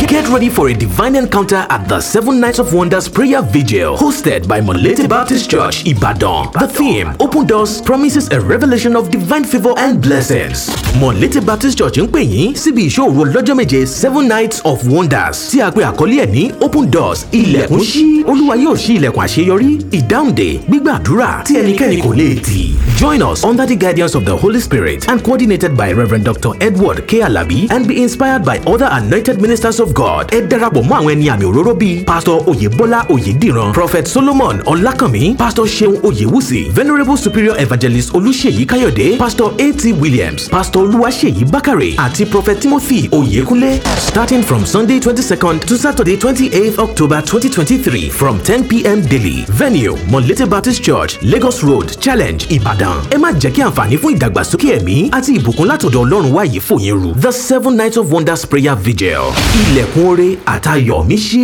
S8: Get ready for a divine encounter at
S12: the Seven Nights of Wonders Prayer Vigil, hosted by Molete Baptist Church, Ibadan. The theme, Open Doors, promises a revelation of divine favor and blessings. Molete Baptist Church ń pè yín síbi ìṣòro lọ́jọ́ méje Seven Nights of Wonders tí a pè àkọlé ẹ̀ ní Open Doors, ilẹ̀kùn ṣí. Olúwa yóò ṣí ilẹ̀kùn àṣeyọrí, ìdáhùndè, gbígbàdúrà tí ẹnikẹ́ni kò lè tì. Join us under the guidance of the Holy Spirit and coordinated by Reverend Dr. Edward K. Alabi. Alabi and be inspired by other anointed ministers of God. Ẹ darapọ̀ mọ́ àwọn ẹni àmì òróró bíi Pastor Oyebola Oyediran, Prophet Solomon Ọlákànmí, Pastor Ṣeun Oyewusi, Venerable Superior Evangelist Olúṣèyí Kayode, Pastor A.T. Williams, Pastor Olúwaṣèyí Bákàrè àti Prophet Timothy Oyekunle. Starting from Sunday 22 second to Saturday 28 eighth October 2023 from 10 pm daily. Venue Molete Baptist Church, Lagos Road,
S8: Challenge, Ibadan. Ẹ má jẹ́ kí àǹfààní fún ìdàgbàsókè ẹ̀mí àti ìbùkún látọ̀dọ̀ Ọlọ́run wáyé fòyín rú. The seven nights of wonders prayer vigil ilẹ̀kùn oore àtayọ̀ mi ṣí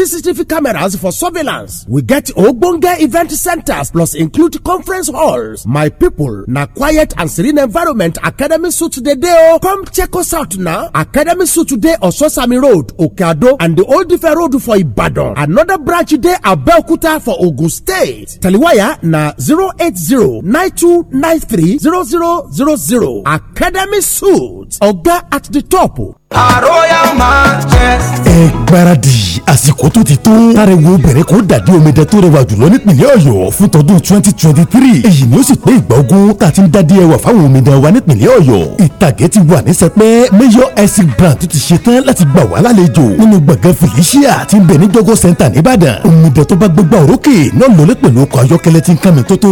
S12: CCTV cameras for surveillance. We get ogbonge event centers plus include conference halls. My people, na quiet and serene environment Academy Suit the day. Oh, Come check us out now. Academy Suit on Sosami Road, Okeado and the Old Ife Road for Ibadan. Another branch at Belkuta for Ogun State. Taliwaya na 08092930000. Academy Suit, Oga at the top. Our royal majesty. ẹ gbáradì àsìkò tó ti tó. táriwo bẹ̀rẹ̀ kó dàdí omidan tó rẹwà jùlọ nípìnlẹ̀ ọ̀yọ́ fún tọdún twenty twenty three. èyí ni ó sì pé ìgbà ogún tá a ti ń dádí ẹwà fáwọn omidan wa nípìnlẹ̀ ọ̀yọ́. ìtàgé ti wà ní sẹpẹ́ mayor essex brand tó ti ṣe tán láti gbà wá lálejò nínú gbọ̀ngàn felicia ti ń bẹ ní jọgọ́ center nìbàdàn. omidan tó bá gbégbá òrókè náà lọlé pẹ̀lú ọkọ̀ ayọ́kẹ́lẹ́ ti ń kàmì tó tó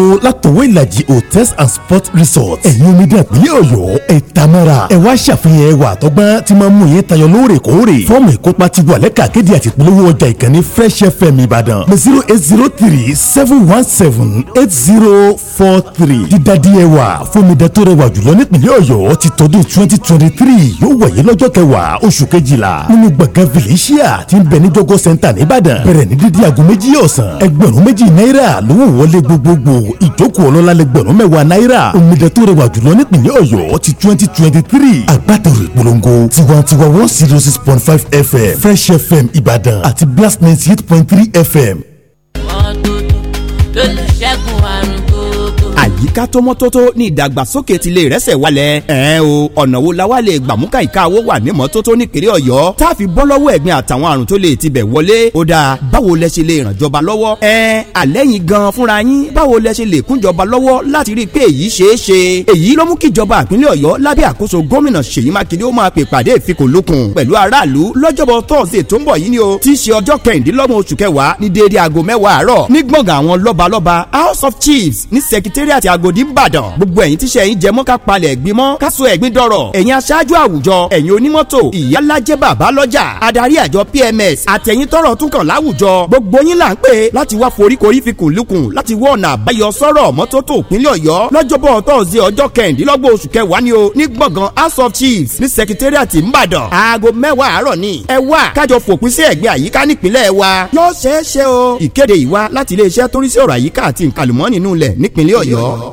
S12: and sports resort. ẹ̀yin omidan ìpínlẹ̀ ọ̀yọ́ ẹ̀ tamara ẹ̀ wá ṣàfihàn ẹwà àtọ́gbọ́n máa mú yín tayọ lóòrèkóòrè fọ́ọ̀mù ìkópa ti wà lẹ́ka akéde àti ìpolówó ọjà ìkànnì fresh fm ìbàdàn zero eight zero three seven one seven eight zero four three dídá díẹ̀ wà fúnmidà tó rẹwà jùlọ nípìnlẹ̀ ọ̀yọ́ ti tọdún twenty twenty three yóò wáyé lọ́jọ́ kẹwàá oṣù kejìlá nínú gbọ̀ngàn felicia ti ń bẹ ní jọgọ center nìbàdàn bẹ̀rẹ̀ ní dídí aago méjì ọ̀sán ẹgbẹ̀rún méjì náírà lówó wọlé gbogbogbò ìjókòó ọlọ́lá lẹgbẹ̀rún mẹ́wàá náírà omidan tó rẹwà jùlọ nípìnlẹ̀ ọ̀yọ́ ti twenty twenty three agbátẹrù ìpolongo tiwa ìbàdàn tiwa one zero six point five fm fresh fm Ibadan, àti blast ninety eight point three fm.
S10: wọ́n dúdú tó lè
S16: àyíká tó mọ́ tótó ni ìdàgbàsókè ti lè rẹ́sẹ̀ walẹ̀ ẹ̀ẹ́n o ọ̀nà wo la wá lè gbàmúkà ìka owó wà ní mọ́tótó nípínlẹ̀ ọ̀yọ́ tá a fi bọ́ lọ́wọ́ ẹ̀gbin àtàwọn àrùn tó lè tibẹ̀ wọlé ó dáa báwo lẹ ṣe lè ràn jọba lọ́wọ́ ẹ̀ẹ́n àlẹ́yìn gan fúnra yín báwo lẹ ṣe lè kúnjọba lọ́wọ́ láti rí i pé èyí ṣeé ṣe èyí ló mú kíjọba ìpínlẹ̀ ọ̀yọ́ lábẹ́ àkóso gómìnà ṣèyí mákindé ó máa pè pàdé ìfikùnlukùn pẹ̀lú aráàlú lọ́jọ́bọ̀ tọ́sídẹ̀ẹ́ tó ń bọ̀ yìí ni o tí í ṣe ọjọ́ kẹrìndínlọ́gbọ̀n oṣù kẹwàá ní déédéé aago mẹ́wàá àárọ̀ ní gbọ̀ngàn àwọn lọ́balọ́ba house of chiefs ní sẹkítẹ́rì àti ag Ìjàgòdì Ìbàdàn gbogbo ẹ̀yin tíṣẹ́ yín jẹ mọ́ ká palẹ̀ ẹ̀gbin mọ́ ká so ẹ̀gbin dọ̀rọ̀ ẹ̀yin aṣáájú àwùjọ ẹ̀yin onímọ́tò ìyálájẹ́ bàbá lọ́jà adarí àjọ PMS àtẹ̀yin tọ́rọ̀ tún kàn láwùjọ gbogbo yín là ń pè láti wá foríkorí fi kùnlùkùn láti wá ọ̀nà àbáyọ sọ́rọ̀ mọ́tótó ìpínlẹ̀ Ọ̀yọ́ lọ́jọ́bọ̀ tọ́sídẹ̀ẹ́ ọjọ́ kẹrìndínlọ́gbọ̀n oṣù kẹwàá ni o ní gbọ̀ngàn House of Chiefs ní Secretariat Ìbàdàn aago mẹ́wàá àárọ̀ ni ẹ wá kájọ fòpin sí ẹ̀gbin àyíká nípínlẹ̀ wa yóò ṣeé ṣe o ìkéde ìwá láti iléeṣẹ́ tó ń sí ọ̀rọ̀ àyíká àti nǹkan àlùmọ́ọ́nì nù lẹ̀ Ọ̀yọ́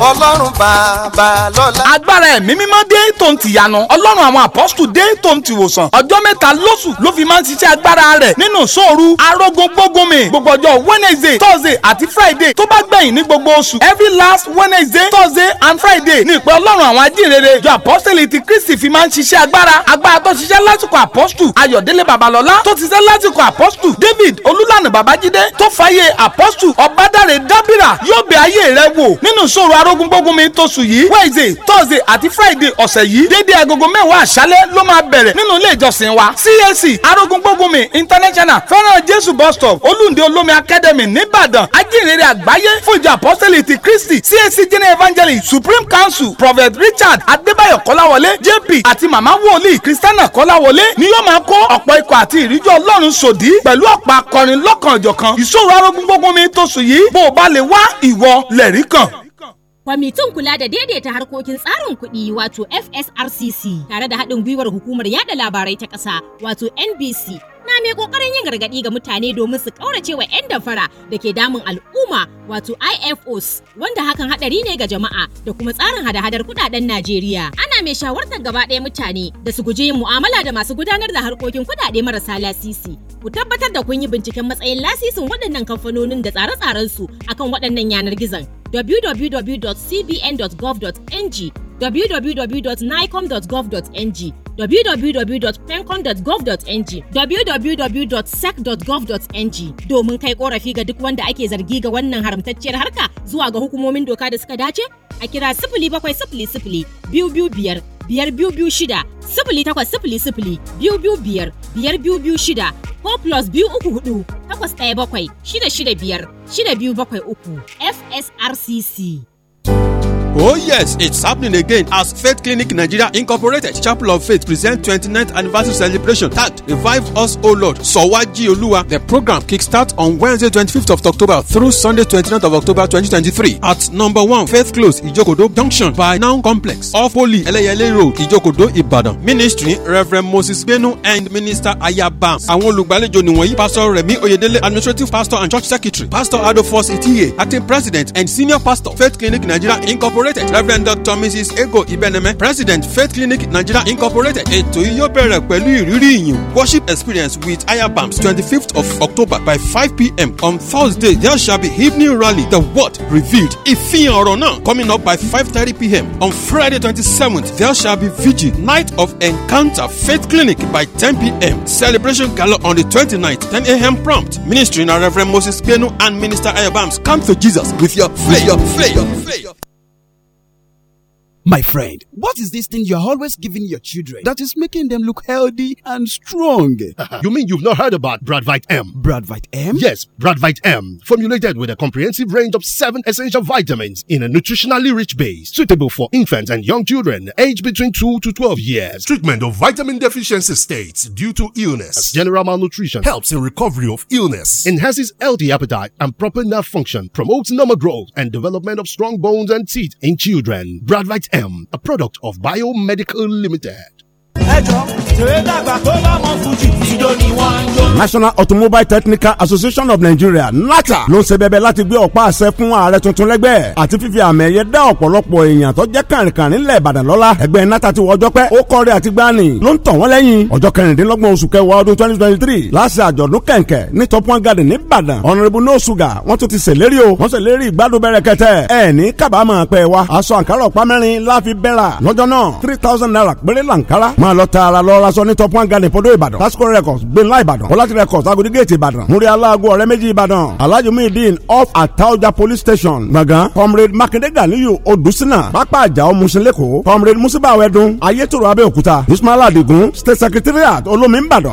S12: ọlọ́run bàbá lọ́la. agbára ẹ̀mí mímọ́ dé tó ń tìyanu ọlọ́run àwọn apọ́sítù dé tó ń tìwòsàn ọjọ́ mẹ́ta lóṣù ló fi máa ń ṣiṣẹ́ agbára rẹ̀ nínú sóòru arógun gbógun gbogbo ọjọ́ wednesday thursday àti friday tó bá gbẹ̀yìn ní gbogbo oṣù every last wednesday thursday and friday ní ìpè ọlọ́run àwọn ajínrere ìjọ apọ́sítẹ́lì ti kristi fi máa ń ṣiṣẹ́ agbára agbára tó ṣiṣẹ́ lásìkò apọ́sítù ayọ̀délé babalọ́lá tó ṣiṣẹ́ lásìkò apọ́sítù david olúlànà babájídé tó fàyè apọ́sítù ọ̀bádàrẹ̀ dábìrà yóò bẹ ayé rẹ wò nínú arógúnbógún mi tóṣù yìí wednesday thursday àti friday ọ̀sẹ̀ yìí déédéé agogo mẹ́wàá àṣálẹ́ ló máa bẹ̀rẹ̀ nínú ilé ìjọsìn wa cac arógúnbógúnmi international fẹ́ràn jésù bus stop olúndé olómi academy nìbàdàn ajínrere àgbáyé fún ìjọ apọ́sẹ̀lì ti kristi cac general evangelist supreme council prophet richard adébáyọ̀ kọ́láwọlé jp àti màmá wòlíì kristiana kọ́láwọlé ni yóò máa kó ọ̀pọ̀ ikọ̀ àti ìríjú ọlọ́run sòdí pẹ̀lú ọ̀pọ̀ akọrin lọ́kànjọ̀kan ìṣòro arógúnbógúnmi tóṣù yìí bó o bá lè wá
S3: ìwọ lẹ̀rí kan.
S20: Kwamitin kula da daidaita harkokin tsarin kuɗi wato FSRCC tare da haɗin gwiwar hukumar yada labarai ta ƙasa wato NBC na mai ƙoƙarin yin gargaɗi ga mutane domin su ƙaurace wa 'yan damfara da ke damun al'umma wato IFOs wanda hakan haɗari ne ga jama'a da kuma tsarin hada-hadar kuɗaɗen Najeriya. Ana mai shawartar gaba ɗaya mutane da su guji yin mu'amala da masu gudanar da harkokin kuɗaɗe marasa lasisi. Ku tabbatar da kun yi binciken matsayin lasisin waɗannan kamfanonin da tsare-tsarensu akan waɗannan yanar gizon. www.cbn.gov.ng, www.nicom.gov.ng, www.pencom.gov.ng, www.sec.gov.ng domin kai korafi ga duk wanda ake zargi ga wannan haramtacciyar harka zuwa ga hukumomin doka da suka dace a kira sifili bakwai sifili sifili biyu biyu biyar biyar biyu biyu shida sifili takwas sifili sifili biyu biyu biyar biyar biyu biyu shida ko plus biyu uku hudu takwas ɗaya bakwai shida shida biyar shida biyu bakwai uku FSRCC.
S21: Oh yes, it's happening again as Faith Clinic Nigeria Incorporated Chapel of Faith presents 29th anniversary celebration tagged Revive Us O Lord Sowaji Oluwa. The program kickstarts on Wednesday 25th of October through Sunday 29th of October 2023 at number 1 Faith Close Ijokodo Junction by Noun Complex off Holy Eleyele Road Ijokodo Ibadan. Ministry Reverend Moses Benu and Minister Ayabam. Àwọn olùgbàlejò nìwọ̀nyí Pastor Remi Oyedele Administrative Pastor and Church Secretary Pastor Adofos Etiye Acting President and Senior Pastor Faith Clinic Nigeria Incorporated incorporated reverend dr mrs ego ibeneme president faith clinic nigeria incorporated ètò yìí yóò bẹ̀rẹ̀ pẹ̀lú ìrírí ìyìn worship experience with ayabams twenty fifth of october by five pm on thursday there shall be evening rally the word revealed ìfihàn ọ̀rọ̀ náà coming up by five thirty pm on friday twenty seventh there shall be vigil night of encounter faith clinic by ten pm celebration gala on the twenty ninth ten am prompt ministry na reverend moses gbenu and minister ayabams come to jesus with your flay your flay your
S8: flay your. My friend, what is this thing you're
S12: always giving your children that is making them look healthy and strong? [LAUGHS] you mean you've not heard about Bradvite M? Bradvite M? Yes, Bradvite M, formulated with a comprehensive range of seven essential vitamins in a nutritionally rich base, suitable for infants and young children aged between 2 to 12 years. Treatment of vitamin deficiency states due to illness, As general malnutrition, helps in recovery of illness, enhances healthy appetite and proper nerve function, promotes normal growth and development of strong bones and teeth in children. Bradvite M, a a product of Biomedical Limited.
S16: national automobile technical association of nigeria nata ló ń ṣe bẹ̀bẹ̀ láti gbé ọ̀pá àṣẹ fún ààrẹ tuntun lẹ́gbẹ́ àti fífi àmì ẹ̀yẹ dá ọ̀pọ̀lọpọ̀ èèyàn tó jẹ́ kàrìnkàrìn ńlẹ̀ ìbàdàn lọ́lá ẹgbẹ́ nata ti wọjọ́ pẹ́ ó kọ́re àti gbani ló ń tàn wọ́n lẹ́yìn ọjọ́ kẹrìndínlọ́gbọ̀n oṣù kẹwàá ọdún twenty twenty three láti àjọ̀dún kẹ̀kẹ́ ní top one garden nìbàdàn honourable no sugar wọ́n tún ti ṣèlérí o wọ́n ṣèlérí ìgbádùn bẹ̀rẹ̀ kẹtẹ ẹ ní kábàámọ̀ wa aṣọ àǹkárá ọ̀pá mẹ́rin láfi bẹ́ra three thousand naira péré làǹkárá máa lọ tààrà lọ raṣọ ní top one garden podo ìbàdàn pasco records gbẹ̀nlá ìbàdàn bọ́láti records agodi gate ìbàdàn múri aláago ọ̀rẹ́ méjì ìbàdàn alhaji muhyiddin off ataoja police station gbọ̀ngàn comrade makinde ganiyu odusina pápá àjàó musinleko comrade musibawo ẹdun ayétòrò abẹ́òkúta ismaila adigun state secretariat olómi ìbàdàn